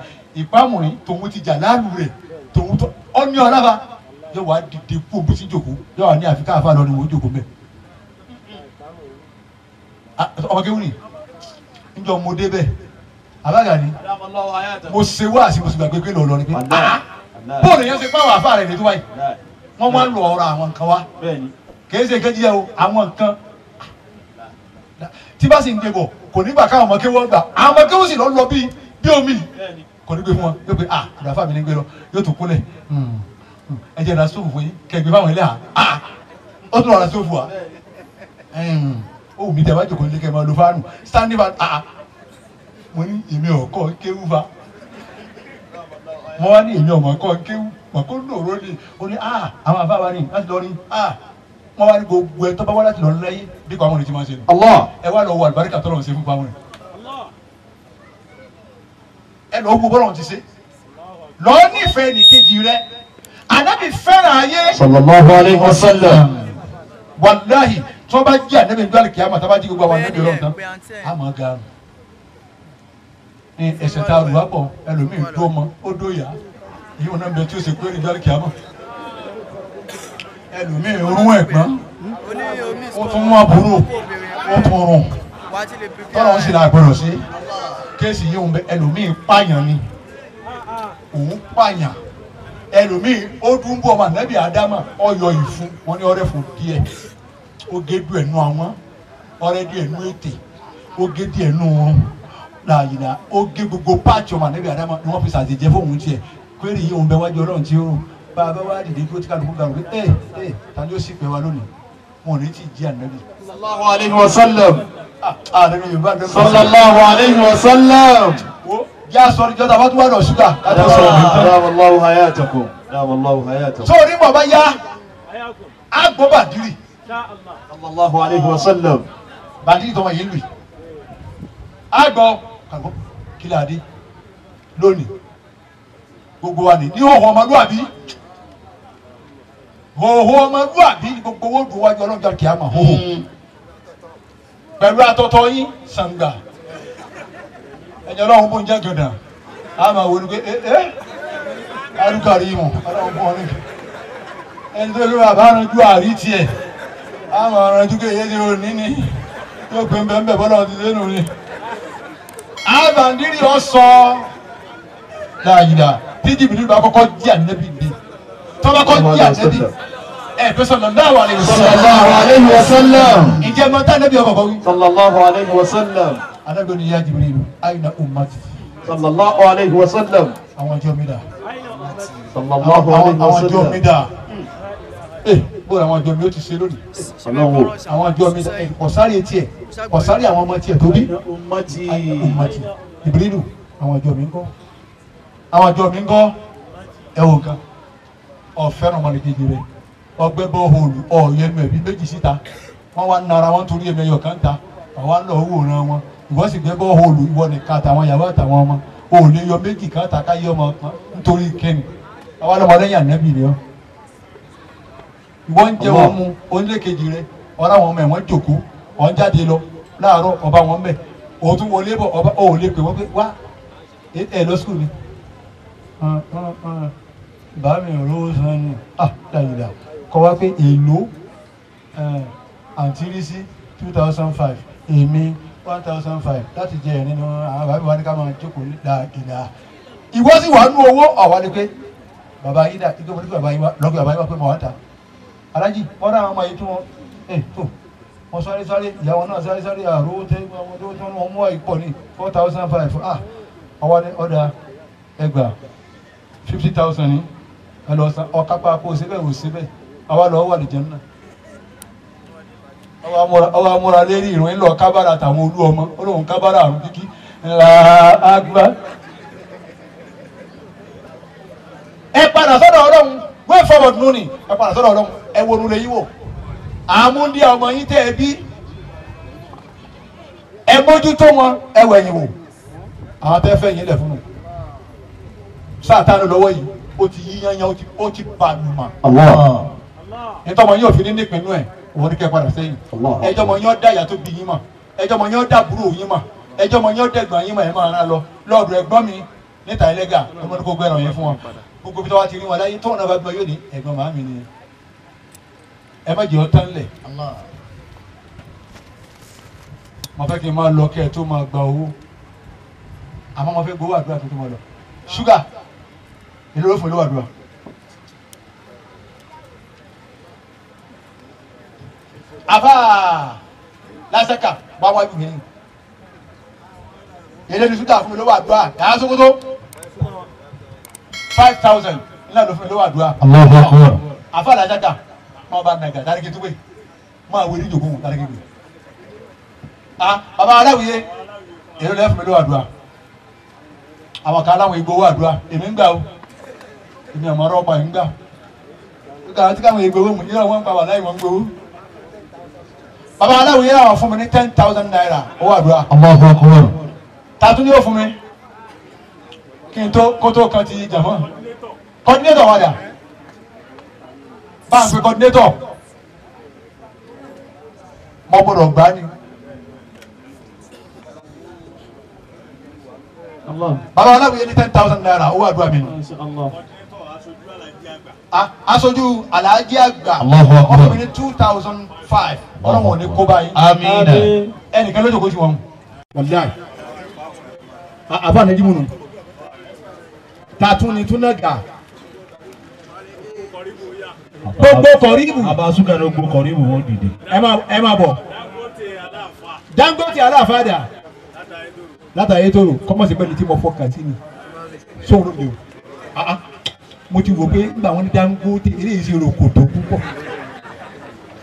ìpamù ni tòun ti jà láàlú rẹ̀ tòun tó yóò wá dìde kú òbí sí jòkó yóò wá ní àfi káfa lọ ni wò ó jòkó mẹ. ọmọ kéwù ni njọ mo dé bẹ́ẹ̀ abága ni mo ṣe wá àti mo sì gbàgbé pé lọ lọ ni pé ah, bóòlù yẹn ṣe pàwọ́ àfa rẹ̀ nítorí wáyé wọ́n máa ń lọ ọ̀rọ̀ àwọn nǹkan wa kì í ṣe kéjì yẹ o àwọn nǹkan tí bá sì ń débọ̀ kò nígbà káwọn ọmọ kéwọ́ gbà àwọn ọmọ kéwọ́ sì lọ lọ bí bí kò ní gbé fún wọn yóò pé ah àdàfà mi ní gbé lọ yóò tún kúnlẹ̀. Hmm ẹ jẹ́ ra sóòfù yín kẹgbẹ́ fáwọn ilé à ah! ó tún ra sóòfù à ó wù mí tẹ́ bá jòkó nílé kẹ́ máa lo fáànù sanni fa à mo ní èmi ọ̀kọ́ kéwú fa mo wá ní èmi ọ̀mọ̀kọ́ kéwú mọ̀kó lòró ni ó ní ah, àwọn àbáwá ni láti lọ rí ah! wọ́n wá ní gbogbo ẹ tọ́ bá wá láti lọ láyé bí kò àwọn ènìyàn ti máa ṣe nù. ẹ wá lọ wo àlùbáríkà tọ́lọ̀ ṣe fún báwọn. ẹ lọ wo bọ́lọ̀ ti ṣe lọ́ọ́ nífẹ̀ẹ́ nìkejì rẹ ànábì fẹ́ràn ayé. sallallahu alayhi wa sallam. wàláhì tí wọ́n bá jí ànábì ní dọ́là kìámà tí wọ́n bá jí gbogbo àwọn ànábì ọlọ́run tán á máa ga nù. ní ẹsẹ̀ tá a lù wá bọ̀ ẹlòmíì dó mọ ó dó yá èyí wọn náà bẹ tí ó ṣe pé ní dọ́là kìámà. ẹlòmíì orún ẹ̀gbọ́n ó tún mú àbúrò ó tún rùn tọ́lọ́run sì la gbọ́dọ̀ sí kéèsì yìí òun bẹ ẹlòmíì pààyàn ni òun pààyàn ẹlòmíì ó dún bọ́ ọmọ ànábì ádámà ọyọ ìfun wọn ní ọrẹ fún díẹ̀ ó gé díẹ̀ àwọn ọrẹ díẹ̀ nú ètè ó gé díẹ̀ wọn làyìnà ó gé gbogbo páàtì ọmọ ànábì ádámà ni wọn fi sàtìjẹ fóun tiẹ̀ péré yìí òun bẹ wájú ọlọ́run tí ó bá a bá wá dìde dúró tí kálukú ga rò pé ẹ ẹ ta ni ó sì pẹ́ wa lónìí wọn ò ní yà á sọ níjọ́ tàbá tó wà lọ ṣúgà láti sọ ọ̀hún. dáwọ̀ lọ́wọ́ hayá àtọ̀kọ̀ dáwọ̀ lọ́wọ́ hayá àtọ̀kọ̀. sọ orí bàbá yá àgbọ̀ bàdírì. sallallahu alayhi wa sallam. bàdírì tọmọ yìí lù yìí. àgbọ̀ kàgbọ́ kílà adé lónìí gbogbo wa ní ní òhun ọmọlúwàbí òhun ọmọlúwàbí gbogbo owó dùn wájú ọlọ́jà kìámà òhun hmm. pẹ̀lú atọ́tọ́ yín sàǹgbà ẹ̀yìn ọlọ́run bó ń jẹ́ gẹ̀dà a máa wo ni pé ẹ ẹ arúgbàrí mọ̀ ọlọ́run bó ń rìn ẹni tó lóra bá ranjú àrí tiẹ̀ a máa ranjú pé èyí ò ní ni tó gbé ń bẹ́ ń bẹ́ bọ́lá ti lé nù ni. àbàndírì ọ̀sọ́ láàyìnlá tí jìbìlì bá kọ́kọ́ jí ànẹ́bì dé tọ́ba kọ́ jí ànẹ́bì sallallahu alayhi wa sallam. ǹjẹ́ mọ́tà ànẹ́bì ọkọ̀ kọ́ wí. sallallahu alayhi wa sallam anabi ni ya jibril aina ummati. sallallahu alayhi wa sallam. àwọn jọ mi dà. Eh, sallallahu alayhi wa sallam. àwọn jọ mi dà. ee eh, bó àwọn jọ mi ó ti ṣe lónìí. ọlọ́wọ́. àwọn jọ mi ọ̀sáré tiẹ̀ ọ̀sáré àwọn ọmọ tiẹ̀ tóbi. ummati. ummati jibrilu àwọn jọ mi ń kọ́ àwọn jọ mi ń kọ́ ẹ wò kan ọ̀fẹ́ràn ọmọlẹ́kejì rẹ̀ ọgbẹ́ bọ́ òòlù ọ̀ọ́yẹ́nu ẹ̀bí méjì síta wọ́n wá nara wọn torí ẹ̀mẹ́yọ̀ kan ta àwọn lọ́ọ́ wòran wọn ìwọ sì gbẹ́ bọ́ hóòlù ìwọ nìkan àtàwọn ìyàwó àtàwọn ọmọ o ò lè yọ méjì kan tàka yé ọmọ kan nítorí kẹ́mi àwa lọ́mọ lẹ́yìn ànábì ni ọ́ ìwọ ń jẹ wọn mu onílékejì rẹ ọ̀rá wọn mọ ẹ̀wọ̀n jòkó ọ̀ ń jáde lọ láàárọ̀ ọba wọn mẹ òtún wọlé bọ̀ ọba ò lè pè wọ́n pé wá ẹ lọ sùkúl ni ah, ah, ah. bàá mi ò rówó san ni ah dáadáa kọ́ wá pé èlò àǹtírísí eh, two thousand five èmi one thousand five láti jẹ ẹ̀rín nínú àwọn bàbá wa ní ká máa jókòó ní dáadáa ìwọ sì wà nú owó ọ̀wá ni pé bàbá yìí dà ìgbé wọlé bàbá yìí wá lọ́gbẹ̀ bàbá yìí wá pé mo wá ta alájì wọ́n dá àwọn ọmọ yìí tún wọn ẹ̀ eh, tó wọ́n sáré sáré ìyàwó náà sáré sáré àrò tẹ́ ọmọ tó tún wọn mú àìpọ̀ ní four thousand five ah ọwọ́ ni ọ̀dà ẹgbàá fifty thousand ni ẹ lọ san ọ̀kápá kó o síbẹ̀ o síbẹ̀ àwa lọ wà lìjẹun náà ọwọ́ amúra lérí ìrún ńlọ kábàrà àtàwọn olú ọmọ olóhùn kábàrà àrùn kíkí ńlá àgbà. ẹ padà sọ́dọ̀ ọlọ́run way forward nù ni ẹ padà sọ́dọ̀ ọlọ́run ẹ wọnú lè yí wò àmúndí ọmọ yín tẹ́ ẹ bí ẹ mójútó wọn ẹ wẹ̀yìn wò àwọn tẹ́ fẹ́ yín lẹ̀ fún un sátánù lọ́wọ́ yìí ó ti yí yányán ó ti bàlùmọ̀ nítorí ọmọ yóò fi ní nípínú ẹ̀ òun ní kẹ́ padà sẹ́yìn ẹjọ́ mọ yín ọ́ dá ìyá tó bí yín mọ̀ ẹjọ́ mọ yín ọ́ dá àbúrò yín mọ̀ ẹjọ́ mọ yín ọ́ dẹ̀gbọ́n yín mọ̀ ẹ̀ máa rán lọ lọ́ọ̀dù ẹ̀gbọ́n mi níta ẹlẹ́gà ọmọdé kó gbẹ́ràn yẹn fún wọn gbogbo bí wọ́n ti rí wọn láyé tó ọ̀nà bá gbọ́ yóò ní ẹ̀gbọ́n màmí ni ẹ má jẹ́ ọtán lẹ̀ mo fẹ́ kí n máa lọ kẹ́ ẹ tó máa gba owó àmọ́ mo fẹ́ gbowó àdúrà tó tó máa lọ ṣúgà ìlú ló fún ìlú àdúrà. àfà lásẹkà wá wájú mi eléyìí sùtà fún mi lówó àdúrà yàrá sokoto five thousand nílànà fún mi lówó àdúrà àfà lásẹkà máa bá nàgà dáríkì tó gbé máa wé níjòkó wò dáríkì gbé ah bàbá aláwìyé èrè lẹ́fún mi lówó àdúrà àwọn kan aláwọ̀ igbó wà àdúrà èmi ń gbà o èmi àmọ́ ọ̀rọ̀ ọ̀pá ń gbà gbogbo àwọn tí káwọn igbó wò mí nílò wọn pa wà láì wọn gbowó baba aláwo yẹn àwọn fún mi ní ten thousand naira owó àdúrà. Allahu akbar. tààtú ni yóò fún mi kí n tó kótó kan ti jàmọ́ kọ́dínétọ̀ wà dà bá a pè kọ́dínétọ̀ mo gbọ́dọ̀ gbá ni. baba aláwo yẹn ní ten thousand naira owó àdúrà mi nù aṣojú alhaji àgbà ọkùnrin two thousand five ọlọ́run ò ní kó báyìí. àmín ẹnìkan ló jókòó sí wọn. wàlúùdáì àbá nìjí múnu tàtún ni tún náà gà gbogbo kọ̀ríbù. abasuka ló gbogbo kọ̀ríbù wọn dìde. ẹ máa bọ̀ Dangote aláfàdà látàyè tó rò kọ́mọ̀sí pẹ̀lú tí mo fọkàn sí ni sóòrò mi o ah, ah. mo ti wò pé nígbà wọn ní Dangote eré ìṣirò kò tó púpọ̀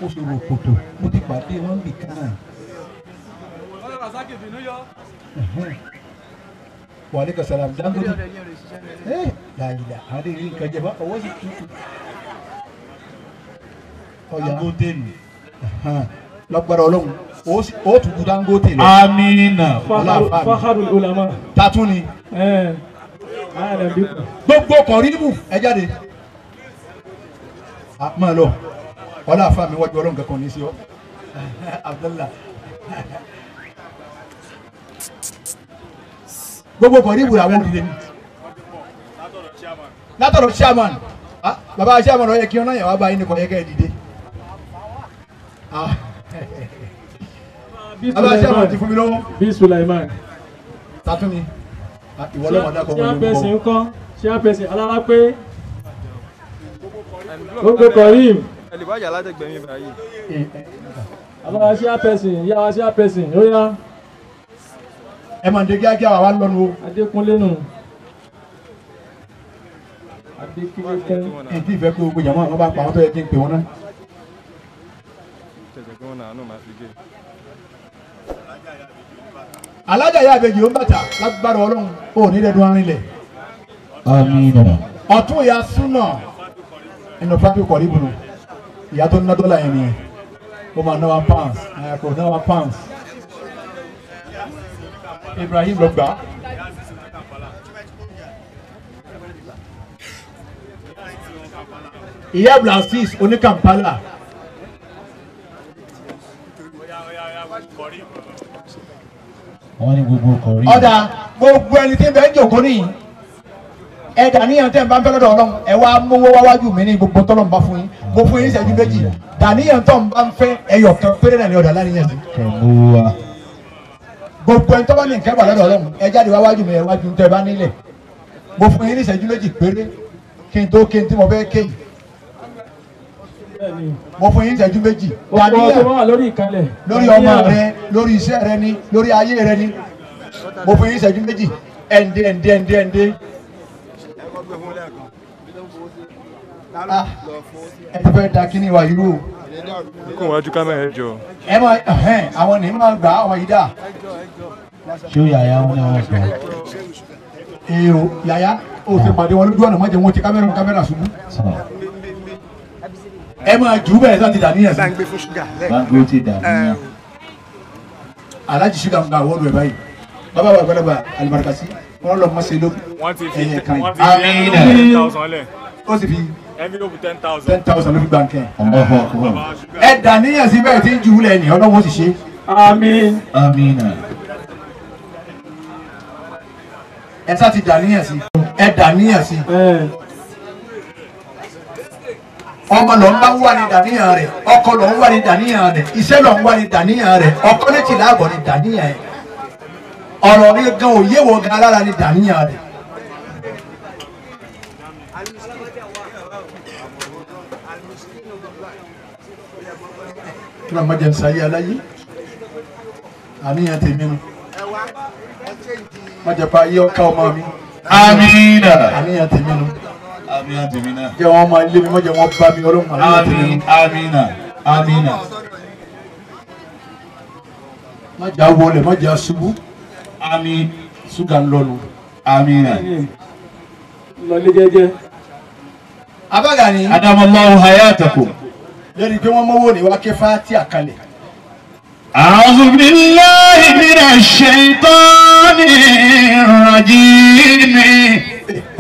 kòsòrò kòtò mo ti pàdé wọn bì kánà. wàhálà kasalam dangote ẹ làyìlà àdé yìí nǹkan jẹ bá ọwọ́ sì tutù. dangote nù. lágbára ọlọ́run ó tún ju dangote lọ. amina fakharul ulama. tatu ni. gbogbo kọ̀ọ̀rì ibù ẹ jáde. a máa lọ ọlá àfa mi wájú ọlọ́run kankan ní sí ọ Abdullah gbogbo kọ̀ọ̀dìbò àwọn olùdíje ni látọ̀rọ̀ chairman ah, bàbá chairman ọ̀yẹ́ kí ọ̀nà yẹn wá bá yín nìkan yẹ kẹ́ ẹ dìde bàbá chairman ti fún mi lọ́wọ́. bí Sulaiman. tatu ni ìwọ lọ́mọ dákọ̀ wọn ló ń bọ̀. chairperson kọ́ chairperson alára pé gbogbo kọ̀ọ̀dìbò ẹlẹ́bàjá látẹ̀gbẹ̀mí báyìí. àbára ṣíà pẹ̀sìn yára ṣíà pẹ̀sìn ó yá. ẹ máa dé kíákíá wà wá lọ́nu o. adékúnlé nù. adékúnlé kẹ́. ìdí ìfẹ́ kó gbé jàmọ́ àwọn bá pa àwọn tó yẹ kí n pè wọ́n náà. alájà yà àbẹ̀jì ó bàtà lágbára ọlọ́run ò ní dẹ́dun arinlẹ̀. ọ̀tún ìyá súnà ẹnu fábíù kọ̀rí bùnú ìyá tó ná dọ́là yẹn nìyẹn ó máa ná one pounds kò ná one pounds Ibrahim ló gbà. ìyá Abdulaziz oníkàmpálà. wọ́n ní gbogbo kọ̀rí. ọ̀dà gbogbo ẹni tí ń bẹ ń jòkó nìyí ẹ dàníyàn tẹ́ ń bá ń bẹ́ lọ́dọ̀ ọlọ́run ẹ wá mówó wáwájú mi ní gbogbo tọ́lọ̀ ń bá fún yín mo fún yín ìṣẹ́jú méjì dàníyàn tó ń bá ń fẹ́ ẹyọ kan péré náà ní ọ̀dà láníyàn sí. gbogbo ẹni tó bá ní nǹkan bà lọ́dọ̀ ọlọ́run ẹ jáde wáwájú mi ẹ wájú tẹ́ ẹ bá nílẹ̀ mo fún yín ní ìṣẹ́jú méjì péré kí n tó kí n tí mo fẹ́ ké mo fún yín ìṣẹ́jú méjì dàníyàn lórí ọmọ rẹ lórí iṣẹ́ rẹ ni lórí ayé rẹ ni mo fún yín ìṣẹ́jú méjì ẹ̀ǹdẹ̀ ẹ̀ǹdẹ̀ ẹ̀ǹdẹ̀ ẹ̀ǹdẹ̀ Ah, ti fẹ́ da kíní wa irú o. kò wájú kámẹ́rà ẹ jọ. ẹ mọ àwọn ní máa gbà àwọn yìí dà. ṣé o yàyà wọn ni wọn gbà. ee o yàyà o ti pàdé wọn lójú ọ̀nà mọ́jẹ wọn ti kámẹ́rà kámẹ́rà ṣubú. ẹ máa jù bẹ́ẹ̀ láti dà níyàn. gbàngbé fún ṣúgà lẹ́yìn. gbàngbé ti dà níyàn. aláàjì ṣúgà ń gba àwọ̀dù ẹ̀ báyìí bàbá wa gbàdàgbà alibarikasi wọ́n lọ mọ́ ṣe ló ẹ̀yẹ kan yìí ó sì fi ten thousand ló fi gbàǹkẹ́ ẹ̀ dà níyàn síbẹ̀ tí ń ju ilẹ̀ ẹ̀yìn ọlọ́wọ́ sì ṣe. àmín. àmín. ẹ sá ti dà níyàn sí ẹ dà níyàn sí ọmọ lọ ń bá wà ní dàníyàn rẹ ọkọ lọ ń wà ní dàníyàn rẹ iṣẹ́ lọ ń wà ní dàníyàn rẹ ọkọ létí láàbọ̀ ní dàníyàn rẹ ọ̀rọ̀ rẹ gan òye wọ gan alára ni dàníyàn rẹ. kí ló máa jẹ nsàyé aláyé àníyàn tèmi nù má jẹ pa ayé ọkà ọmọ mi. amiina. àníyàn tèmi nù. amiina tèmi náà. jẹ́ wọn máa lé mi má wọn bá mi ọlọ́mọ. amiina amiina. má wọlé má jà àmín ṣúgà ń lọnu àmín rẹ̀. lọlé Adamu abágàní. adamallahu hayatakum. lẹ́nu pé wọ́n mọ́wó ni wá ké fáti àkàlẹ̀. a'udhu billahi minash shaytanir rajim.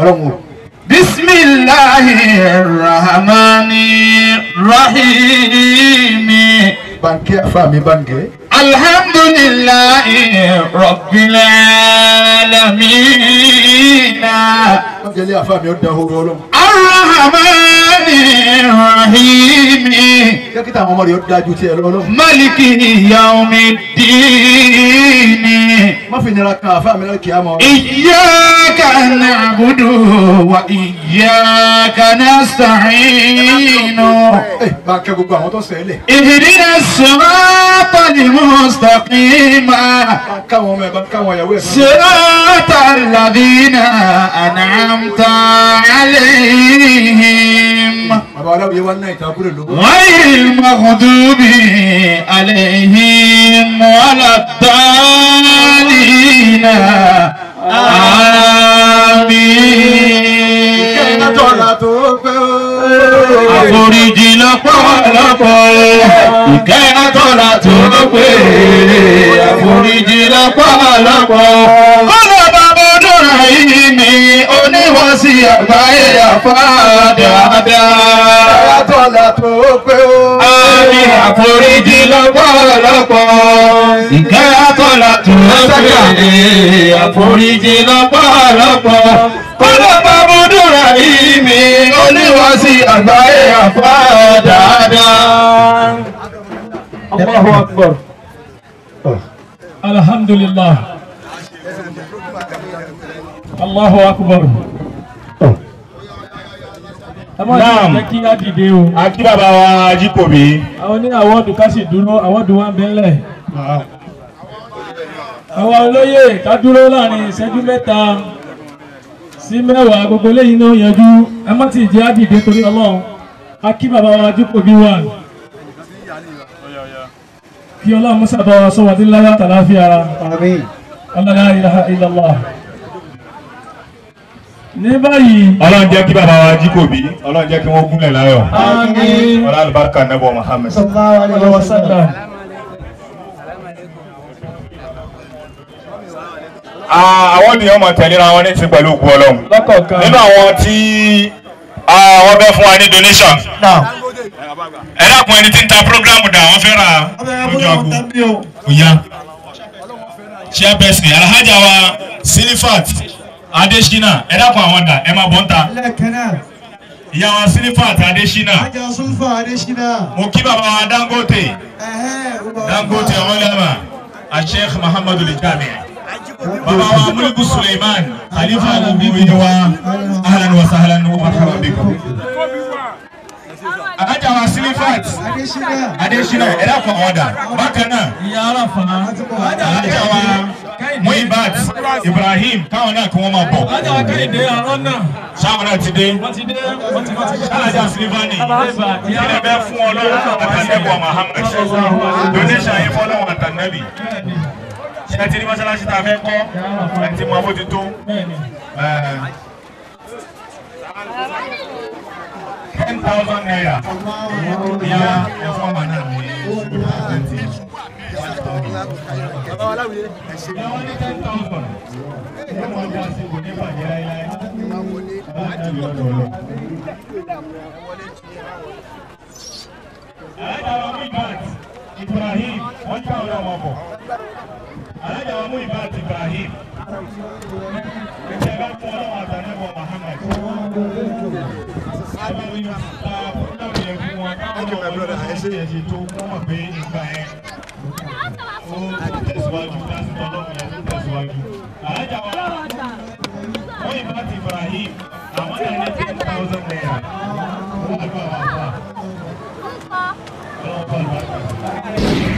ọlọ́run o. بسم الله الرحمن bànkẹ́ àfa mi bànkẹ́. alhamdulillahi rabbil alamin. wọ́n ó dá ọlọ́run dókítà àwọn ọmọ rẹ̀ ó dájú tiẹ̀ lọ́wọ́. Málìkì yaumi dìínì. Má fi nira kan àfa mi lọ́kì àmọ́. Iyyaka na'budu wa iyyaka nasta'inu. Bá a kẹ́ gbogbo àwọn tó sẹ́lẹ̀. Ihdina siratal mustaqima. Káwọn ọmọ an'amta alayhim. عليهم غير المغضوب عليهم ولا الضالين آمين àforíjì lọ́pọ̀lọpọ̀ ìkẹ́yà tọ́lá tó ló pé àforíjì lọ́pọ̀lọpọ̀ mi oníwọ̀sí àgbáyé àfáàdà àdá. Látọ̀lá tó pé o. Àmì àforíjì lọ́pọ̀lọpọ̀. Ìkẹ́ àtọ̀lá tó pé àforíjì lọ́pọ̀lọpọ̀. Kọ́lọ́pọ̀ múdúrà ìmì oníwọ̀sí àgbáyé àfáàdà àdá. Allahu Akbar. Alhamdulillah. Allahu akbar. Naam, akí bàbá wa Ajíkòbí. Àwọn ní àwọ̀dù ká sì dúró, àwọ̀dù wa ń bẹ́lẹ̀. Àwọn olóyè ká dúró láàrin ìṣẹ́jú mẹ́ta sí mẹ́wàá gbogbo léyìn náà yanjú. Ẹ má ti jẹ́ àdìde torí Ọlọ́run. Akí bàbá wa Ajíkòbí wà. Kí Ọlọ́run mọ́sàbá wa sọ wà ní láyà tàlàáfíà. Àmín. Ọlọ́run la ilaha illallah ní báyìí. ọlọ́run jẹ́ kí bàbá wa jí kò bí ọlọ́run jẹ́ kí wọ́n gúnlẹ̀ láyọ̀. àmín. ọlọ́run alibarika nebo muhammed. sallallahu alaihi wa sallam. àwọn ènìyàn mọ̀ tẹ̀léra wọn ní ti pẹ̀lú òkú ọlọ́run. lọ́kọ̀ọ̀kan. nínú àwọn tí wọ́n fẹ́ fún wa ní donation. ẹ dákun ẹni tí ń ta programu dà wọ́n fẹ́ ra lójú àgbo. òyà chairperson alhaja wa silifat. Adesina ẹ dákun àwọn dà ẹ máa bọ́ ń ta. ìyá wa Silifat Adesina. ajá sunfa Adesina. mo kí bàbá wa Dangote. Dangote ọlẹ́mà Sheikh Muhammadu Lijami. Baba wa Muliku Suleiman Khalifa Abubuwe wa ahlan wa sahlan wa marhaba bikum. ajá wa Silifat Adesina ẹ dákun àwọn dà bákan náà. ìyá ara fana. ajá wa. bat Ibrahim Kama na kí wọ́n máa bọ̀. wọ́n ti wá káyìndé àárọ̀ náà. sáwọn náà ti dé. wọ́n ti dé wọ́n ti Muhammad Donesha yẹn fọlọ́run àtàlẹ́bì ṣe ti ní mọ́ṣáláṣí tá a fẹ́ kọ́ ten thousand naira Yeah, yeah, yeah. bàbá wa láwùjẹ. ìyàwó ní ten thousand ló mọ ọjà sí kò ní bàjẹ́ láéláé láti lọ́dọ̀ lọ. alájà wa mú ìbáàt Ibrahim wọ́n gbà ọ̀rọ̀ wọn bọ̀ alájà wa mú ìbáàt Ibrahim ìjẹba fún ọlọ́wọ́ àtàlẹ́bọ̀ Muhammad ọba mi ta fúnlọ́ọ̀yẹ fún wọn káwọn ọlọ́wọ́ ṣe é ṣe tó wọ́n mọ̀ pé ìgbà yẹn. tẹ̀síwájú pásítọ̀ ọlọ́run yẹn tẹ̀síwájú. àájà wa oyin bá ti Ibrahim àwọn náà ní ten thousand naira wọ́n àgbà wà fà. ọlọ́run bá a bá a.